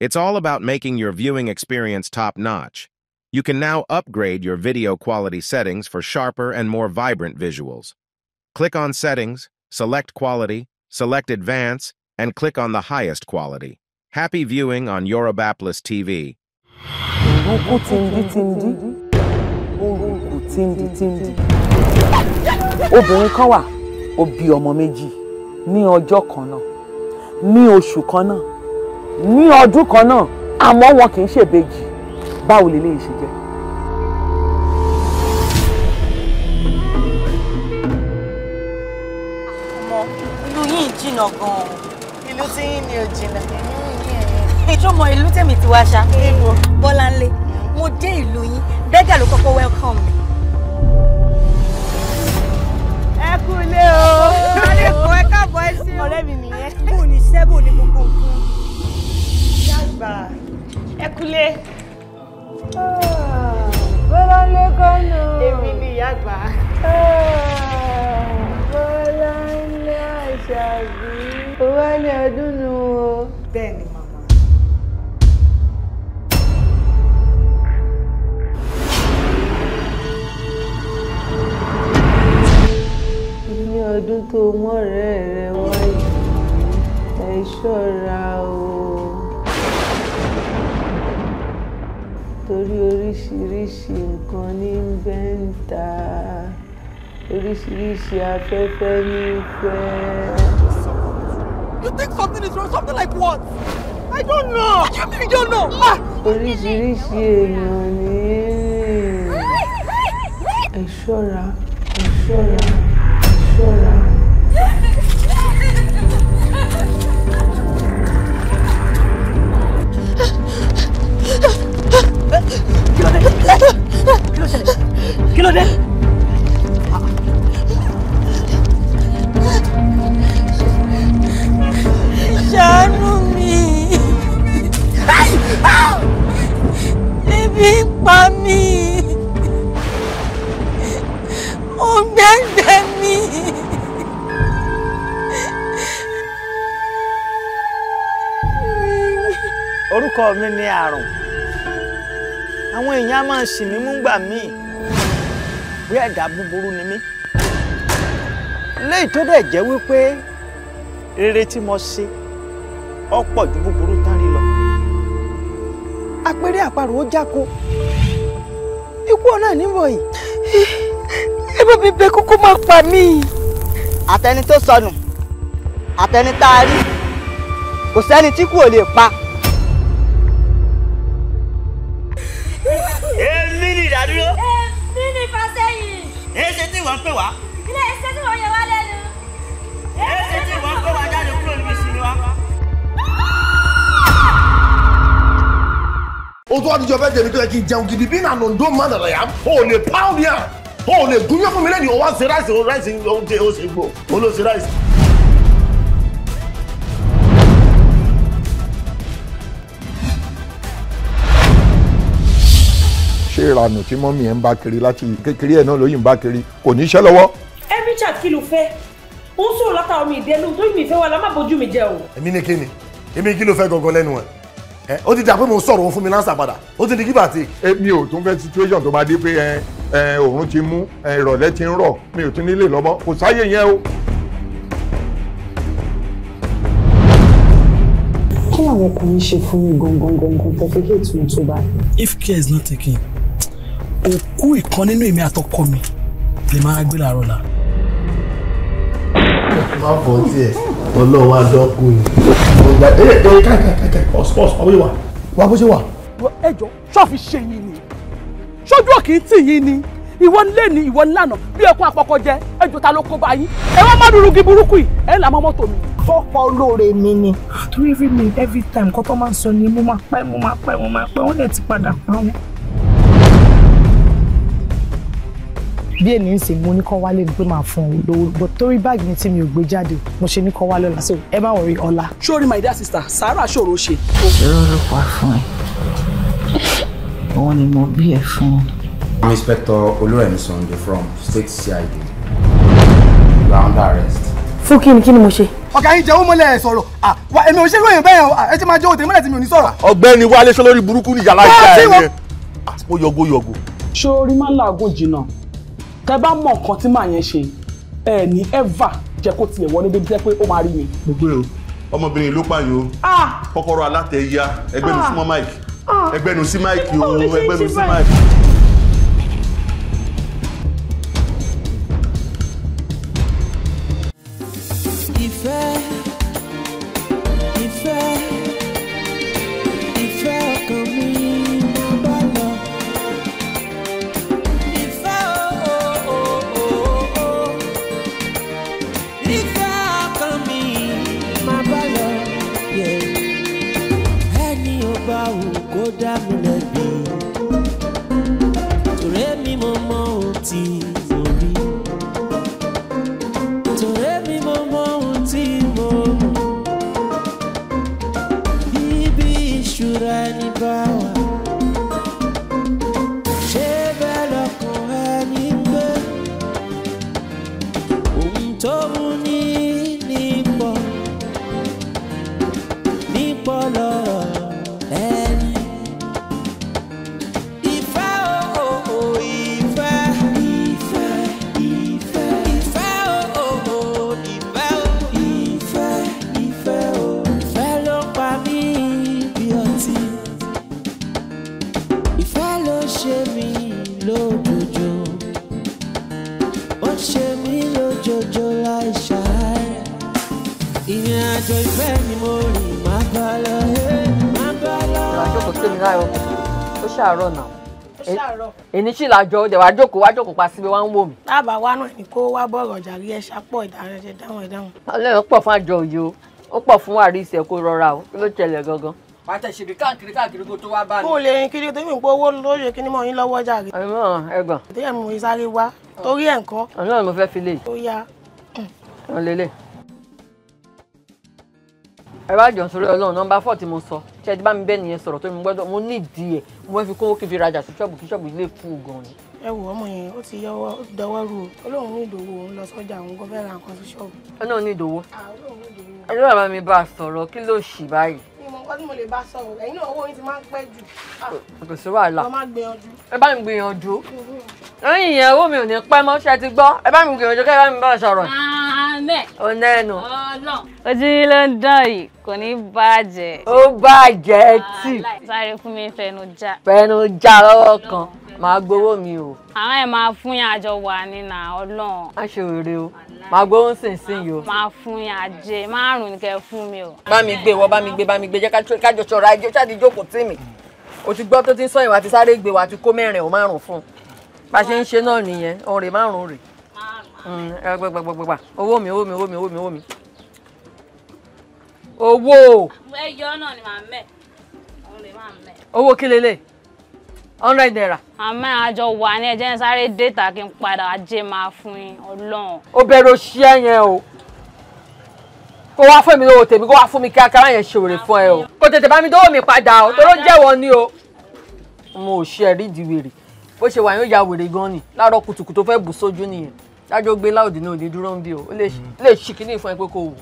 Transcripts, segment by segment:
It's all about making your viewing experience top-notch. You can now upgrade your video quality settings for sharper and more vibrant visuals. Click on Settings, select Quality, select Advance, and click on the highest quality. Happy viewing on Yorubapolis TV. ní ọjọ́ kan ní oṣù kan ní ọdún kan náà àmọ́ wọn kì í ṣèbejì báwo lè léyìí ṣe jẹ́. ọmọ ìlú yìí jìnnà gan-an. ìlú tí yín ni ò jìnnà. ìjọmọ ìlú tèmi ti wá ṣá. Bọ́láńlé mo dé ìlú yín dẹ́gà ló kọ́kọ́ welcome mi. ẹ kú ilé o. ọ̀rẹ́ mi nìyẹn. bò ní sẹ́bò ní gbogbo nǹkan ẹ kúlé. bọ́lá lé kọ́nà. èmi ni ìyá àgbà. Ah, bọ́lá ní àṣàbí. owó ní ọdún nu o. bẹ́ẹ̀ ni màmá. ní ọdún tó mọ̀rẹ́ rẹ wáyé ẹ ṣọ́ra o. torí oríṣiríṣi nǹkan ní ń bẹ ń ta oríṣiríṣi afẹ́fẹ́ ní fẹ́. You think something is wrong? Something like what? I don't know. What do you mean you don't know? Ah. Oríṣiríṣi èèyàn ní rìn. Ẹ ṣọ́ra, kí ló dé kí ló ṣẹlẹ̀ kí ló dé. ṣàánú mi ebi ń orúkọ mi ni àrùn àwọn èèyàn máa ṣì mí mú gbà mí bí ẹ̀dá búburú ni mí léyìí tó dẹ̀ jẹ́ wípé rere tí mo ṣe ọ̀pọ̀ ju búburú tán rí lọ apẹ̀rẹ̀ àparò ó jáko ikú ọ̀nà níwọ̀ yìí ẹ bá mi bẹ kókó má pa mí. àtẹni tó sọnù àtẹni tá a rí kò sẹ́ni tí kú lè pa. wọ́n ń pè wá. ilé iṣẹ́ tí wọ́n yẹ wá lẹ́nu. èsì tí wọ́n pè wá jáde kúrò níbi ìsinmi wa. o tó wá dijọ́ bẹ́ẹ̀ tèmi tó yẹ kí n jẹun gidi bí nànà ndó má dàda o ò pound yàn o ò lè gúnyán fún mi lẹ́nu o wá ṣe ráìsì o ráìsì o ṣe gbò o lọ ṣe ráìsì. ṣe tí mọ́mí ẹ̀ ń bá kiri láti kékeré ẹ̀ náà lóyún bá kiri kò ní iṣẹ́ lọ́wọ́. every chat kí ló fẹ́ ó ń sọ̀rọ̀ látàwọn mi ìdẹ́nu tó yìí mi fẹ́ wà lámà bójú mi jẹ o. èmi ni kíni èmi kí ló fẹ́ gangan lẹ́nu ẹ̀ ẹ ó ti dà pé mo sọ̀rọ̀ fún mi láǹsà padà ó ti di kí bàtì. èmi ò tún fẹ́ situation tó máa dé pé ẹ ti mú ìrọ̀lẹ́ ti ń rọ̀ mi ò tún nílé lọ́mọ kò sáyè yẹn o. kí làwọn ọkùnrin ṣe fún mi gangan gangan pẹ̀lú ètò ìtura. if care is not taken òkú ìkan nínú èmi àtọkọ mi lè máa gbé làárọ̀ la. má bọ̀ tiẹ̀ ọlọ́wọ́ adọ́kù ni. ẹ ẹ káàkiri ọ̀sọ̀ọ̀sọ̀ ọ̀wé wa wa bó ṣe wà. ẹ jọ ṣọ́ọ̀fì ṣe yín ni ṣojú òkè ń tì yín ni ìwọ ń lé ní ìwọ ń lànà bí ẹkún àpọkọ jẹ ẹ jọ ta ló kó bá yín ẹ wá má dúró gi burúkú yìí ẹ ń là mọ́ mọ́tò mi fọ́pọ̀ olóore mi ni. Three every minute every time kọ́kọ́ máa ń sọ ni mo máa pẹ́ mo máa pẹ́ mo máa pẹ́ wọ́n lè ti padà pa wọ́n. bí èmi ń sìn mo ní kọ́ wálé ni pé máa fún un lówó but torí báàgì mi tí mi ò gbé jáde mo ṣe ní kọ́ wálé ọ̀la so ẹ má wọrí ọ̀la. sórí my dear sister sàárà ṣòro ṣe. ìṣòro ló pa fún ẹ òun ni mo bí ẹ fún. I'm Inspector Olúrẹ̀mí Sunday from State CID you are under arrest. fún kí ni kí ni mo ṣe. ọ̀gá yín jẹ́wọ́ mọ́lẹ̀ sọ̀rọ̀ wa èmi ò ṣe lóyún bẹ́ẹ̀ ẹ ti máa jẹ́ òtẹ̀ mọ́lẹ̀ tí mi ò ní sọ̀rọ̀. ọ̀gbẹ́ni Wálé sọlórí burúkú ni yàrá ìjà ẹ yẹn ó ah, yọgo yọgo. ṣé máa ń làágùn jìnnà tẹ bá mọ nǹkan tí màá yẹn ṣe ẹ ní ever jẹ́ kó tiẹ̀ wọlé débi jẹ́ pé ó máa rí mi. mo gbé ọmọbìnrin ló pààyàn o ah! kọ́kọ́rọ́ alátẹ ya ẹgbẹnu súnmọ́ ah! mike ẹgbẹnu sí mike ah! o ẹgbẹnu sí mike. èmi sì làjọ ọdẹ wàá jókòó wàá jókòó pa síbi wàá ń wò mí. tábà wa náà ni kó wá bọ̀rọ̀ ọjà rí ẹṣá pọ̀ ìdáhùn ìdáhùn ìdáhùn. ọlọ́run pọ̀ fún àjọ òye o ó pọ̀ fún àrí ìṣẹ̀ kó rọra o kí ló tẹ̀lé gangan. pàtẹ ṣèbí káàkiri káàkiri kó tó wá bá mi. mo lè rìn kiri tèmi pé owó lóye kí ni mo yín lọ́wọ́ jàre. ẹ̀gbọ́n ẹ̀gbọ́n. díẹ̀ mo sáré wá torí ẹ̀ nǹkan. ọlọ́run mo fẹ́ fi lè. ó yá. ẹ wá jọ̀ sórí ọlọ́run nọ́mbà ṣẹ́jú bá mi bẹ́ẹ̀ nìyẹn sọ̀rọ̀ tó mi gbọ́dọ̀ mo ní ìdí ẹ̀ mo fẹ́ fi kówó kí n fi rajà sí ṣọ́ọ̀bù kí ṣọ́ọ̀bù ilé fún un gan ni. ẹ wò ọmọ yẹn ó ti yọwọ ó ti dọwọ rú o olóhùn ní ìdòwò òun lọ sọjà òun kò fẹ́ ra nǹkan sí ṣọ́ọ̀bù. ẹ náà ah, ní ìdòwò. ẹ lọ́ọ́ bá mi bá a sọ̀rọ̀ kí ló ṣì báyìí nǹkan tí mo lè bá sọ̀rọ̀ ẹ̀yin náà owó yín ti máa ń pẹ́ jù. Ah, kò sí wàhálà ẹ bá mi gbìyànjú. ẹ bá mi gbìyànjú. lẹ́yìn mm-hmm. ìyẹn owó mi ò ní pẹ́ mọ́ ṣe ti gbọ́ ẹ bá mi gbìyànjú kẹ́ ẹ mẹ́. ó nẹ́nu. ojú yín ló ń dán yìí kò ní bàjẹ́. ó bàjẹ́ tì. Ah, sáré fún mi fẹnu já. fẹnu já lọ́wọ́ kan màá gbowó mi o. àwọn ẹ̀ máa fún yín àjọ wà nínú ọlọ́run. má ṣe òrè o máa gbóhùn sínsìn yìí o. máa fún yín àjẹ márùn-ún ni kẹ́ fún mi o. bá mi gbé wọ bá mi gbé bá mi gbé jẹ́ kájọ ṣọ́ra ẹjọ́ ṣáà ti jókòó tì mí o ti gbọ́ tó ti ń sọ ìwà ti sáré gbé wa ti kó mẹ́rin ò márùn-ún fún bá a ṣe ń ṣe náà nìyẹn òun márùn-ún rè gbàgbàgbàgbà owó mi owó mi owó mi owó mi owó mi owó. ẹyọ náà ni màá mẹ òun lè máa mẹ. owó kí lélẹ̀ hundred naira. àmọ́ àjọ wà ní ẹjẹ́ ń sáré déta kí n padà ajé máa fún yín ọlọ́run. ó bẹ̀rù ṣíẹ́ yẹn o kó wá fún mi lówó tèmi kó wá fún mi kíákíá láyẹn ṣòwòrè fún ẹ o kó tètè bá mi dówó mi padà o tó ló jẹ́wọ́ ni o. mo ò ṣe ẹ̀rí ìdíwèrè bó ṣe wà yóò ya wèrè gan ni láàárọ̀ kùtùkùtù fẹ́ bù sójú nìyẹn dájọ́ gbé láòdì náà òde dúró ń bí o ó lè ṣì kíní ìfún ẹ pé kò wù.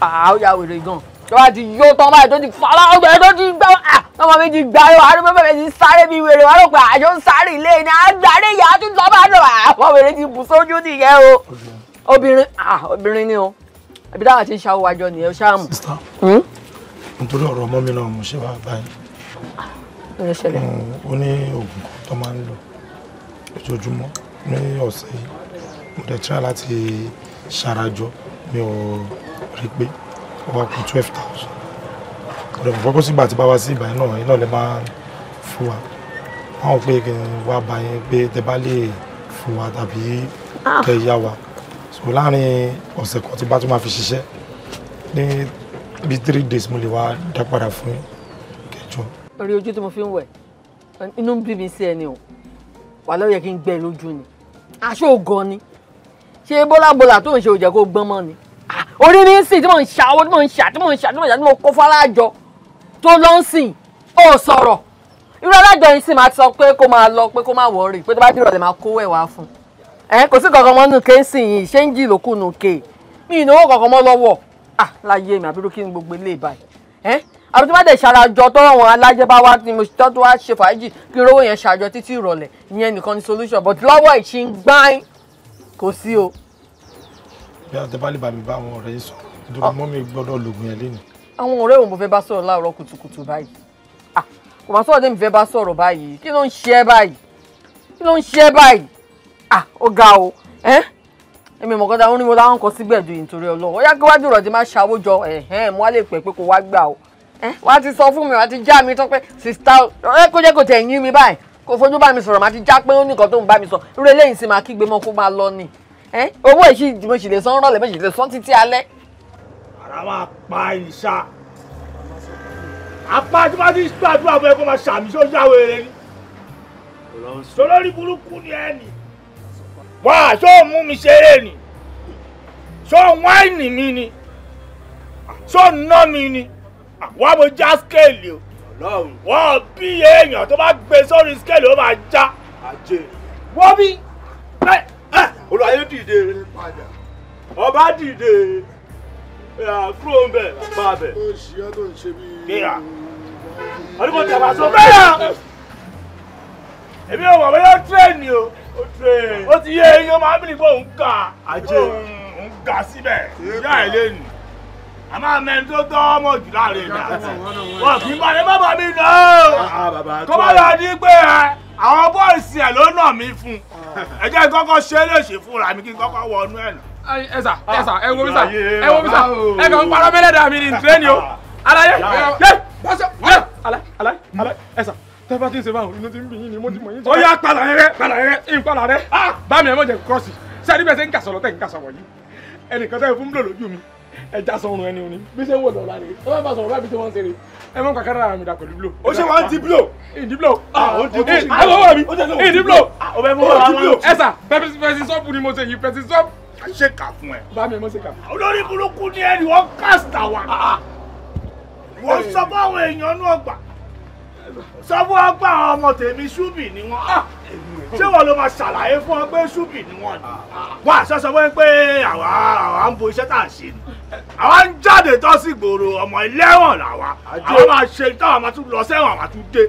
àwọn ya wèrè gan tó bá ti yó tán báyìí tó ti fara ọgbẹ tó ti gbá ah, ọmọ méjì gbá yọ àdúgbò bẹ́ẹ̀ ti sáré bíi wèrè wàá rò pé àjọ ń sáré ilé ni à ń darí ìyá tó lọ́ bá lọ àwọn ah, wèrè ti bù sójú nìyẹn o obìnrin ah, obìnrin ni o ẹbí táwọn ti ń ṣàwọ àjọ nìyẹn ṣáàmù. Hmm? nítorí ọ̀rọ̀ ọmọ mi náà mo ṣe wá báyìí hmm, ó ní oògùn kan tó máa ń lò lójoojúmọ́ ní ọ̀sẹ̀ yìí mo dẹ̀ try láti ṣarajọ mi ò rí pé ó wá kù twelve thousand mo dẹ̀ mọ̀ fọ́pọ́ sígbà tí bá wá sí ìgbà yẹn náà iná lè máa fún wa wọ́n pé kí n wá bá yẹn pé tẹ bá lè fún wa tàbí ah. kẹ yá wa so láàrin ọ̀sẹ̀ kan tí bá tún máa fi ṣiṣẹ́ ní bíi three days mo lè wá dá padà fún yín kẹjọ. orí ojú tí mo fi ń wẹ̀ inú ń bí mi sí ẹni o wà ló yẹ kí n gbẹ lójú ni aṣọ ògàn ni ṣé bọ́lábọ́lá tó ń ṣe òjẹ́ kó gbọ́n mọ́ ni orí mi ń sìn tí mò ń ṣàwọ́ tí mò ń ṣà tí mò ń ṣà tí mò ń ṣà tí mò ń kó fọ́lájọ tó lọ ń sìn ó sọ̀rọ̀ irú alájọ yìí sì máa sọ pé kó máa lọ pé kó máa wọ̀ọ́rì pé tó bá dìrọ̀lẹ́ máa kó ẹ̀wà fún ẹ kò sí kankan mọ́ nù ké sì yìí ṣé ń jì lókù nù ké mi ìnáwó kankan mọ́ lọ́wọ́ à láyé mi àbírú kí n gbogbo ilé ìbàyìí ẹ àbí tí wọ́n dẹ̀ ṣàràjọ tó àwọn alájẹ bá wá ni mo tọ́ tó wá ṣe fàájì kí irówó yẹn ṣàjọ títí ìrọ̀lẹ́ ìyẹn nìkan ni solution but lọ́wọ́ ìṣìngbáyìn kò sí o. bí a tẹ bá lè bá mi bá àwọn ọ̀rẹ́ yìí sọ nítorí ah. mọ́ mi gbọ́dọ̀ lògùn yẹn lénìí. àwọn ọ̀rẹ́ wo mo fẹ́ bá sọ̀rọ̀ láàárọ̀ kùtùkùtù báyìí ah, kò má sọ̀rọ̀ tẹ́mi fẹ́ bá sọ̀rọ̀ báyìí kí ló ń ṣe ẹ́ báyìí kí ló ń ṣe ẹ́ báyìí ah, ó ga o èmi mọ̀ kọ́ta orin wo láwọn kan sí gbẹ̀dù nítorí ọlọ́wọ́ ó yá kí wájú ìrọ̀jì máa ṣàwójọ mo wá lè pẹ́ pé kò wá gbà o wá ti sọ fún mi wá ti já mi tán pé sista ẹ kó jẹ́ kó tẹ̀ mi báyìí kò fojú bá mi sọ̀rọ̀ máa ti já pé ó ní nǹkan tó ń bá mi sọ irú eléyìí sì máa kígbe mọ́ kó máa lọ ni owó èsì mo sì lè san rọ̀lẹ́ mo sì lè san títí alẹ́. ara máa pa ìṣá apá tí wọ́n ti gbàdúrà fún ẹ kó máa ṣàmì ṣó yáwó eré ni sọlọ́rí burúkú ni ẹ nì wá ṣó mú mi ṣeré ni ṣó wáìnì mi ni ṣó ná mi ni wá mo já skéèlì o wọ́n bí èèyàn tó bá gbé sórí scale ó máa já. wọ́n bí olùwàyé dìde ọba dìde kúrò ń bẹ bá bẹ. gbéra ọdún tí a bá sọ gbéra èmi ò mọ̀ bóyá ó tírẹ̀nì o ó ti yé eyín ó máa ń bìrì bó ń ga ó ń ga síbẹ̀ yá ẹ̀ lé nù a máa mẹ́ni tó tọ́ ọmọ jù láàrin mi àti wọn kì í bá ní bàbá mi nà ah, ah, ó kó bá lọ ní pé ẹ àwọn bọ́ọ̀sì ẹ̀ ló nà mí fún ah. ẹ jẹ́ kọ́kọ́ ṣe é léṣe fúnra mi kí n kọ́kọ́ wọnú ẹ̀ nà. ẹ sà ẹ sà ẹ wo mi sà ẹ wo mi sà ẹ kàn ń parọ́ mẹ́lẹ́dà mi ní ìtúrẹ́ni o alaye yẹ alaye alaye ẹ sà tẹ bá ti ń ṣe báwọn inú ti ń bì yín ni mo ti mọ yín. ó yá padà rẹ padà rẹ ìpadà rẹ bá mi ẹ mọ̀ jẹ́ kọ́ọ̀sì sẹ́ni bẹ́ẹ̀ ṣe ń kà sọ̀rọ̀ tẹ̀ ń kà sọ̀rọ̀ yìí ẹnìkan tẹ́ fún bùlọ̀ lójú mi ẹja sọrun ẹni oní bí ṣe ń wò dọ̀la rè ẹ má bá sọ̀rọ̀ báyìí bí ṣe wọ́n ń ṣeré ẹ má kàkàrà ara mi dà pẹ̀lú blow. ó ṣe wá ń di blow. ìdí blow. Ah, ó ti blow. àwọn ọmọ mi ìdí blow. Ah, ó bẹ mú wa wọn. ẹ sà pẹ̀sì sọ́ọ̀bù ni mo ṣe yìí pẹ̀sì sọ́ọ̀bù. a ṣe kà fún ẹ. bá mi mo ṣe kà. olórí burúkú ni ẹni wọ́n kásìtà wa. Ah, wọ́n sọ fún àwọn èèyàn inú ọgbà sọ fún ọgbà ọmọ tèmi ṣúbì ni wọ́n ṣé wọn ló máa ṣàlàyé fún ọ pé ṣúbì ni wọn ni wà sọsọ wọn pé àwa àwa ń bo iṣẹ́ tá à ṣe ni àwa ń jáde tó sì gbòòrò ọmọ ẹlẹ́wọ̀n làwa àwa máa ṣe táwa máa lọ sẹ́wọ̀n àwa dé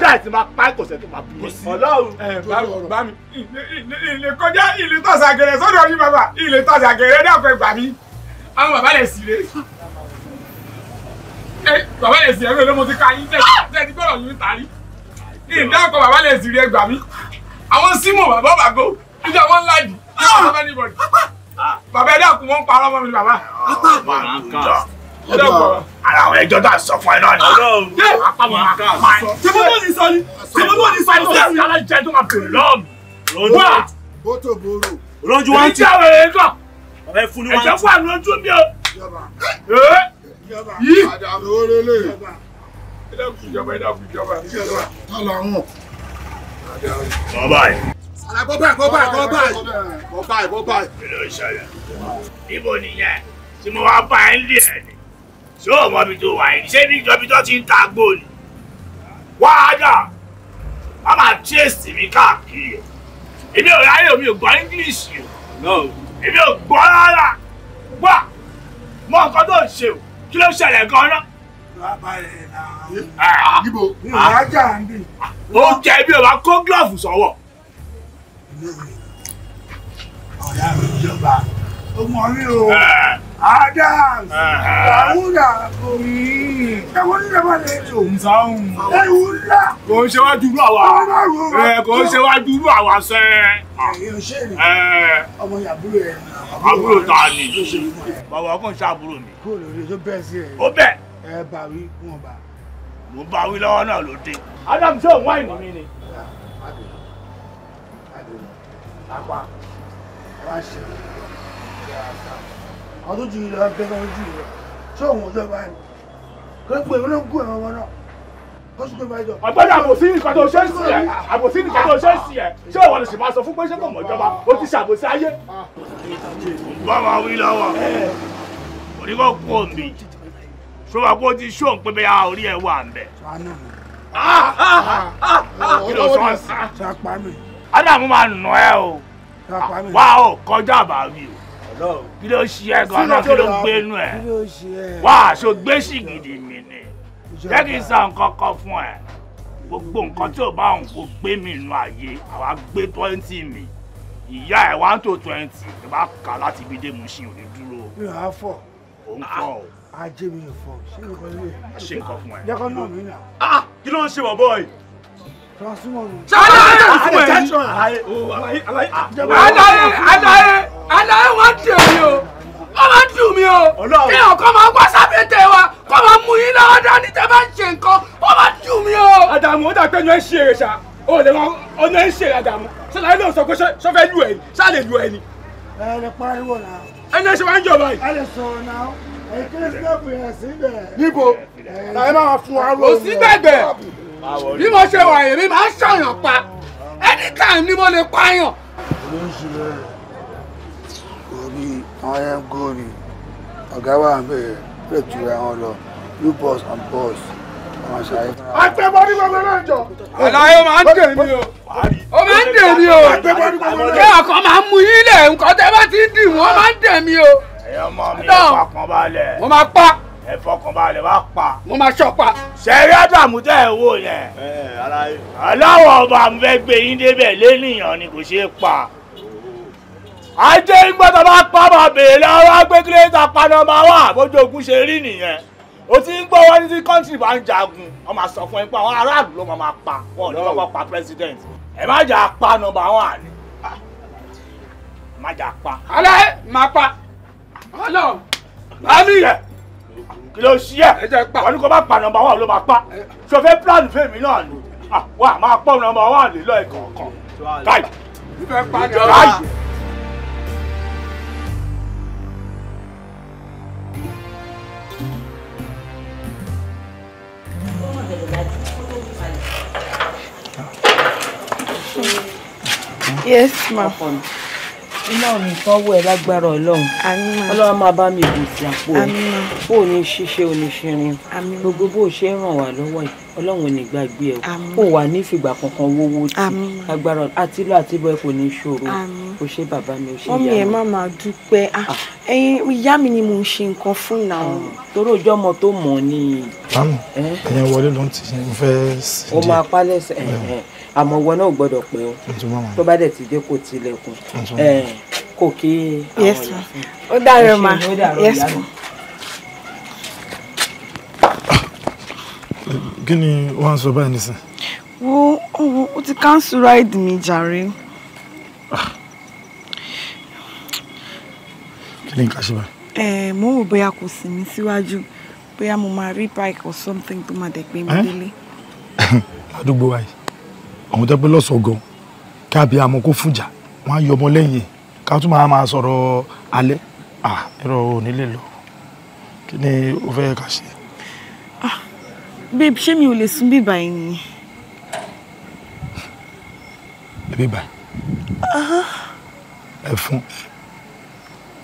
ìyá ẹ̀ ti máa pa ẹ̀kọ́ sẹ́tù máa bí mi. ọlọ́run bá mi. ilé kọjá ilé tọ́sà gẹ̀rẹ́ sọ́dọ̀ yín bàbá ilé tọ́sà gẹ̀rẹ́ dàpẹ́ gbà mí àwọn bàbá lè sí rèé bàbá ah! bàbá lè sí rèé gbà àwọn símù bàbá bàgó nígbà wọn láàdì nígbà wọn bá bàbá ẹdá kù wọn parọ́ mọ́ mi bàbá. ara àwọn ẹjọ́ tá a sọ fún ẹ náà ni. ṣé mo ní sọ ni ṣé mo ní sọ ni ṣé mo ní sọ ni ṣé mo ní sọ ni lójú wa ń tì. ìjà wẹ̀rẹ̀ gbà. ọ̀rẹ́ fún ni wọ́n ti. ẹ̀jẹ̀ fún àná ojú mi o. yìí. ìjọba ìjọba ìjọba. tọ́lọ̀ ń wọ̀. Bọ́ báyìí. Sàlá bọ́ báyìí, bọ́ báyìí, bọ́ báyìí. Bọ́ báyìí, bọ́ báyìí. Kí ló ṣẹlẹ̀? Níbo nìyẹn? Tí mo wá bá ẹ ń lé ẹ ni. Ṣé o mọ ibi tó wà yìí? Ṣé ní ìjọba tó ti ń ta agbó ni? Wá ájà. Wọ́n máa tíyèsí mi káàkiri. Èmi ò ráyè mi ò gbọ́ English o. Èmi ò gbọ́ rárá. Wá mọ nǹkan tó ń ṣe o. Kí ló ṣẹlẹ̀ gan-an? abalẹ̀ náà. níbo ní ìrajà ń bì. ó jẹ́ bí o bá kó gílọ̀fù sọ́wọ́. ọ̀dà mi jọba ó mọ rí o Adams Dawuda oyin ẹwọ ní ìjọba lè jò. nsọ́hún. ẹ̀wù ńlá. kò ń ṣe wá dúró àwa. ọmọ kò ń ṣe wá dúró àwa sẹ́. ọmọ yàbúrò ẹ̀ ní. àbúrò ta ni. bàbá ọkùnrin ṣe àbúrò ni. kúrò lórí ojú bẹ́ẹ̀ sí ẹ̀. ó bẹ́ẹ̀ ẹ bá wí wọn bá. mo bá wí lọ́wọ́ náà ló dé. adam ṣe òun wáìnì mi ni. àpá wá ṣe àwọn tó ju ilé wa bẹ́ẹ̀ náà ju ilé ṣé òun ò lọ́wọ́ ni kí ló pè é ló ń gún ẹ̀rọ wọn náà ọ̀gbẹ́ni àbòsí nìkan tó ṣe ń sí ẹ àbòsí nìkan tó ṣe ń sí ẹ ṣé ìwọ lè sì máa sọ fún pé ṣé kò mọ ìjọba ó ti ṣàbòsí ayé. bá wí lọ́wọ́ oníkó kú omi ṣọwọ́ kó ti ṣó pé bẹ́ẹ̀ orí ẹ̀ wà ń bẹ̀. sànù mi. Ah, ah, ah, máa nù ẹ o wá o kọjá àbáwí o kí ló ṣe ẹ gan kí ló gbé inú ẹ wá aṣọ gbé ṣìgìdì mi ni jẹ́ kí n san nǹkan fún ẹ gbogbo nǹkan tí ò bá òun kò gbé mi inú ayé àwa gbé twenty mi ìyá ẹ̀ one to twenty ẹ bá kà láti ibi dé mu ṣì ò dúró. ìhà fọ̀. ò ń fọ̀ o ajé mi ò fọ ṣé ìwọ ilé. a ṣe nǹkan fún ẹ. jẹ́kọ́ náà mi nà. ah kí ló ń ṣe wọ́n bọ́ọ̀ì. transformer mi. ṣáájú àlàyé tẹ̀sán ẹ̀. àlàyé àlàyé ah, àlàyé àlàyé wọ́n ti èmi o wọ́n máa ń dùn mí o. kí ọkọ máa wá sábẹ́ tẹ wa kó máa mú yín lọ́wọ́ dání tẹ bá ń ṣe nǹkan wọ́n máa ń dùn mí o. àdàmú ó dàgbẹ́ ní ẹ ṣe èrè ṣá o lè wọn ọ̀nà ẹ ṣe àdàmú ṣàlàyé lóun sọ pé sọfẹ́ lù ẹ ní ṣáà lè lù ẹ ní. ẹ lè pariwo náà. ẹni ẹ ṣe wá ń jọba yìí. ẹ lè sọ̀rọ̀ náà níbo ẹ máa fún wa lóhùn. kò sí gbẹ̀gbẹ̀ bí mo ṣe wà yìí máa ṣàyàn pa anytime ni mo lè pààyàn. olóṣèlú orí àwọn ẹn góòlì ọ̀gá wa ń bẹ̀rẹ̀ lè tura wọn lọ new boss and boss àwọn ṣàyẹ̀. àtẹ̀bọ́ ní gbogbo náà jọ. àlàyé máa ń dè mí o ó máa ń dè mí o kí ọkọ̀ máa ń mú yín lẹ̀ nǹkan tẹ́ bá ti ń dì wọ́n máa ń dè mí o ẹ̀yọ́ mọ́ mi ẹ̀ fọkàn balẹ̀. mo máa pa. ẹ fọkàn balẹ̀ wá pa. mo máa ṣọpa. sẹ́rí ádámù tẹ́ ẹ wò yẹn. aláwọ̀ ọba mi fẹ́ gbé yín débẹ̀ lẹ́nìyàn ni kò ṣeé pa. ajé gbọ́dọ̀ bá pa máa béèrè lọ́wọ́ pé kí lè ta máa wà bójú ogun ṣe rí nìyẹn o ti ń gbọ́ wọ́n ní kọ́ńtì bá ń jagun wọ́n máa sọ fún ẹ pé àwọn aráàlú ló máa pa wọ́n ní wọ́n pa president ẹ má jà pa nọ́mbà wọn àná ah. má jà pa. alẹ́ máa pa. Ọlọ́run mami kí ló ṣí ẹ wọn ní kó bá pa nọ́mbà wà ló máa pa ṣo fẹ́ plan fèmí náà ni wà máa pọ̀ nọ́mbà wà lè lọ ẹ̀kọ̀ọ̀kan káì káì. Yes, ma'am iná mi kan wọ ẹ lágbára Ọlọ́run Ọlọ́run máa bá mi bù sí àpò ẹ bó o ní ṣíṣe o ní ṣirin gbogbo bó o ṣe ń ràn wá lọ́wọ́ yìí Ọlọ́run ò ní gbàgbé ẹ kó wà ní ìfìgbà kankan wówó tí lágbára àti lọ àti bọ́ ẹ kò ní ṣòro o ṣe bàbá mi o ṣe ìyá mi. ọmọ yẹn má máa dúpẹ́ ah, ah. ẹyin ìyá mi ni mò ń ṣe nǹkan fún náà. torí ojú ọmọ tó mọ̀ ni. báwo ẹ̀yin wọlé ló ń tì í mo fẹ́ sí o máa pálẹ̀ sẹ́yìn àmọ́ wọn náà gbọ́dọ̀ pé o tó bá dẹ̀ ti dé kò tilẹ̀kùn kò kí àwọn ọ̀la fún un. ó dàrọ ma yes ma. kí ni wọ́n sọ báyìí nísìn. wo wo o ti káńsù ráìdì mi jàre. Ah. kí ni nǹkan ṣe báyìí. ẹ mo ń wò bóyá kò sí mi síwájú bóyá mo máa rí bike or something tó máa dẹ̀ gbé mi délé. àdúgbò wa àwọn tó pé lọ́sọ̀ọ́ gan kábí àmọ́ kó fújà wọ́n á yọ ọmọ lẹ́yìn ká tún máa máa sọ̀rọ̀ alẹ́ à ẹ̀rọ onílé lọ kí ni o fẹ́ ká ṣe. Ah, babe ṣé mi ò lè sùn bíbà yìí ni. bíbà ẹ fún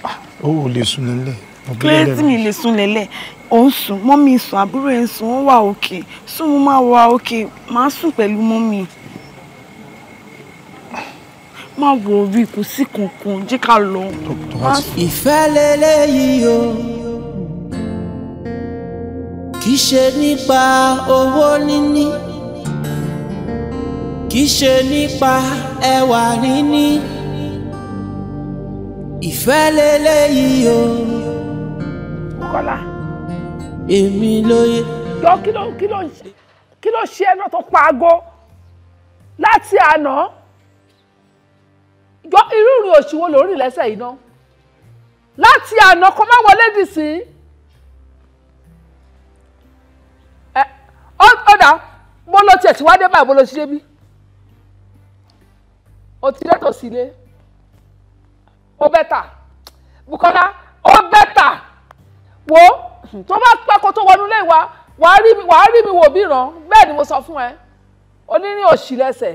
ah, ó ò lè sùn lẹ́lẹ̀. kílẹ̀ tí mi lè sùn lẹ́lẹ̀ ò ń sùn mọ́mí sùn àbúrò ẹ̀ ń sùn ó wà òkè sùn mo máa wà òkè máa sùn pẹ̀lú mọ́mí má wo orí kò sí kankan jẹ́ ká lọ. ìfẹ́ lélẹ́yìí o kì í ṣe nípa owó níní kì í ṣe nípa ẹwà níní ìfẹ́ lélẹ́yìí o. Kọ́lá. èmi ló yẹ. jọ kí ló kí ló ṣe ẹ náà tó pa aago láti àná. yọ irú ìrìn òṣìwò lórí lẹ́sẹ̀ iná láti àná kó má wọlé dì sí ẹ ọ̀dà mo lọ tiẹ̀ tí wá dé báyìí mo lọ sí débi o ti lẹ́tọ̀ sí ilé bẹ́tà Bukola obeta bẹ́tà wo tó bá pẹ́ kó tó wọnú lé wa wàá rí mi wò bí ràn bẹ́ẹ̀ ni mo sọ fún ẹ onírìn òṣì lẹ́sẹ̀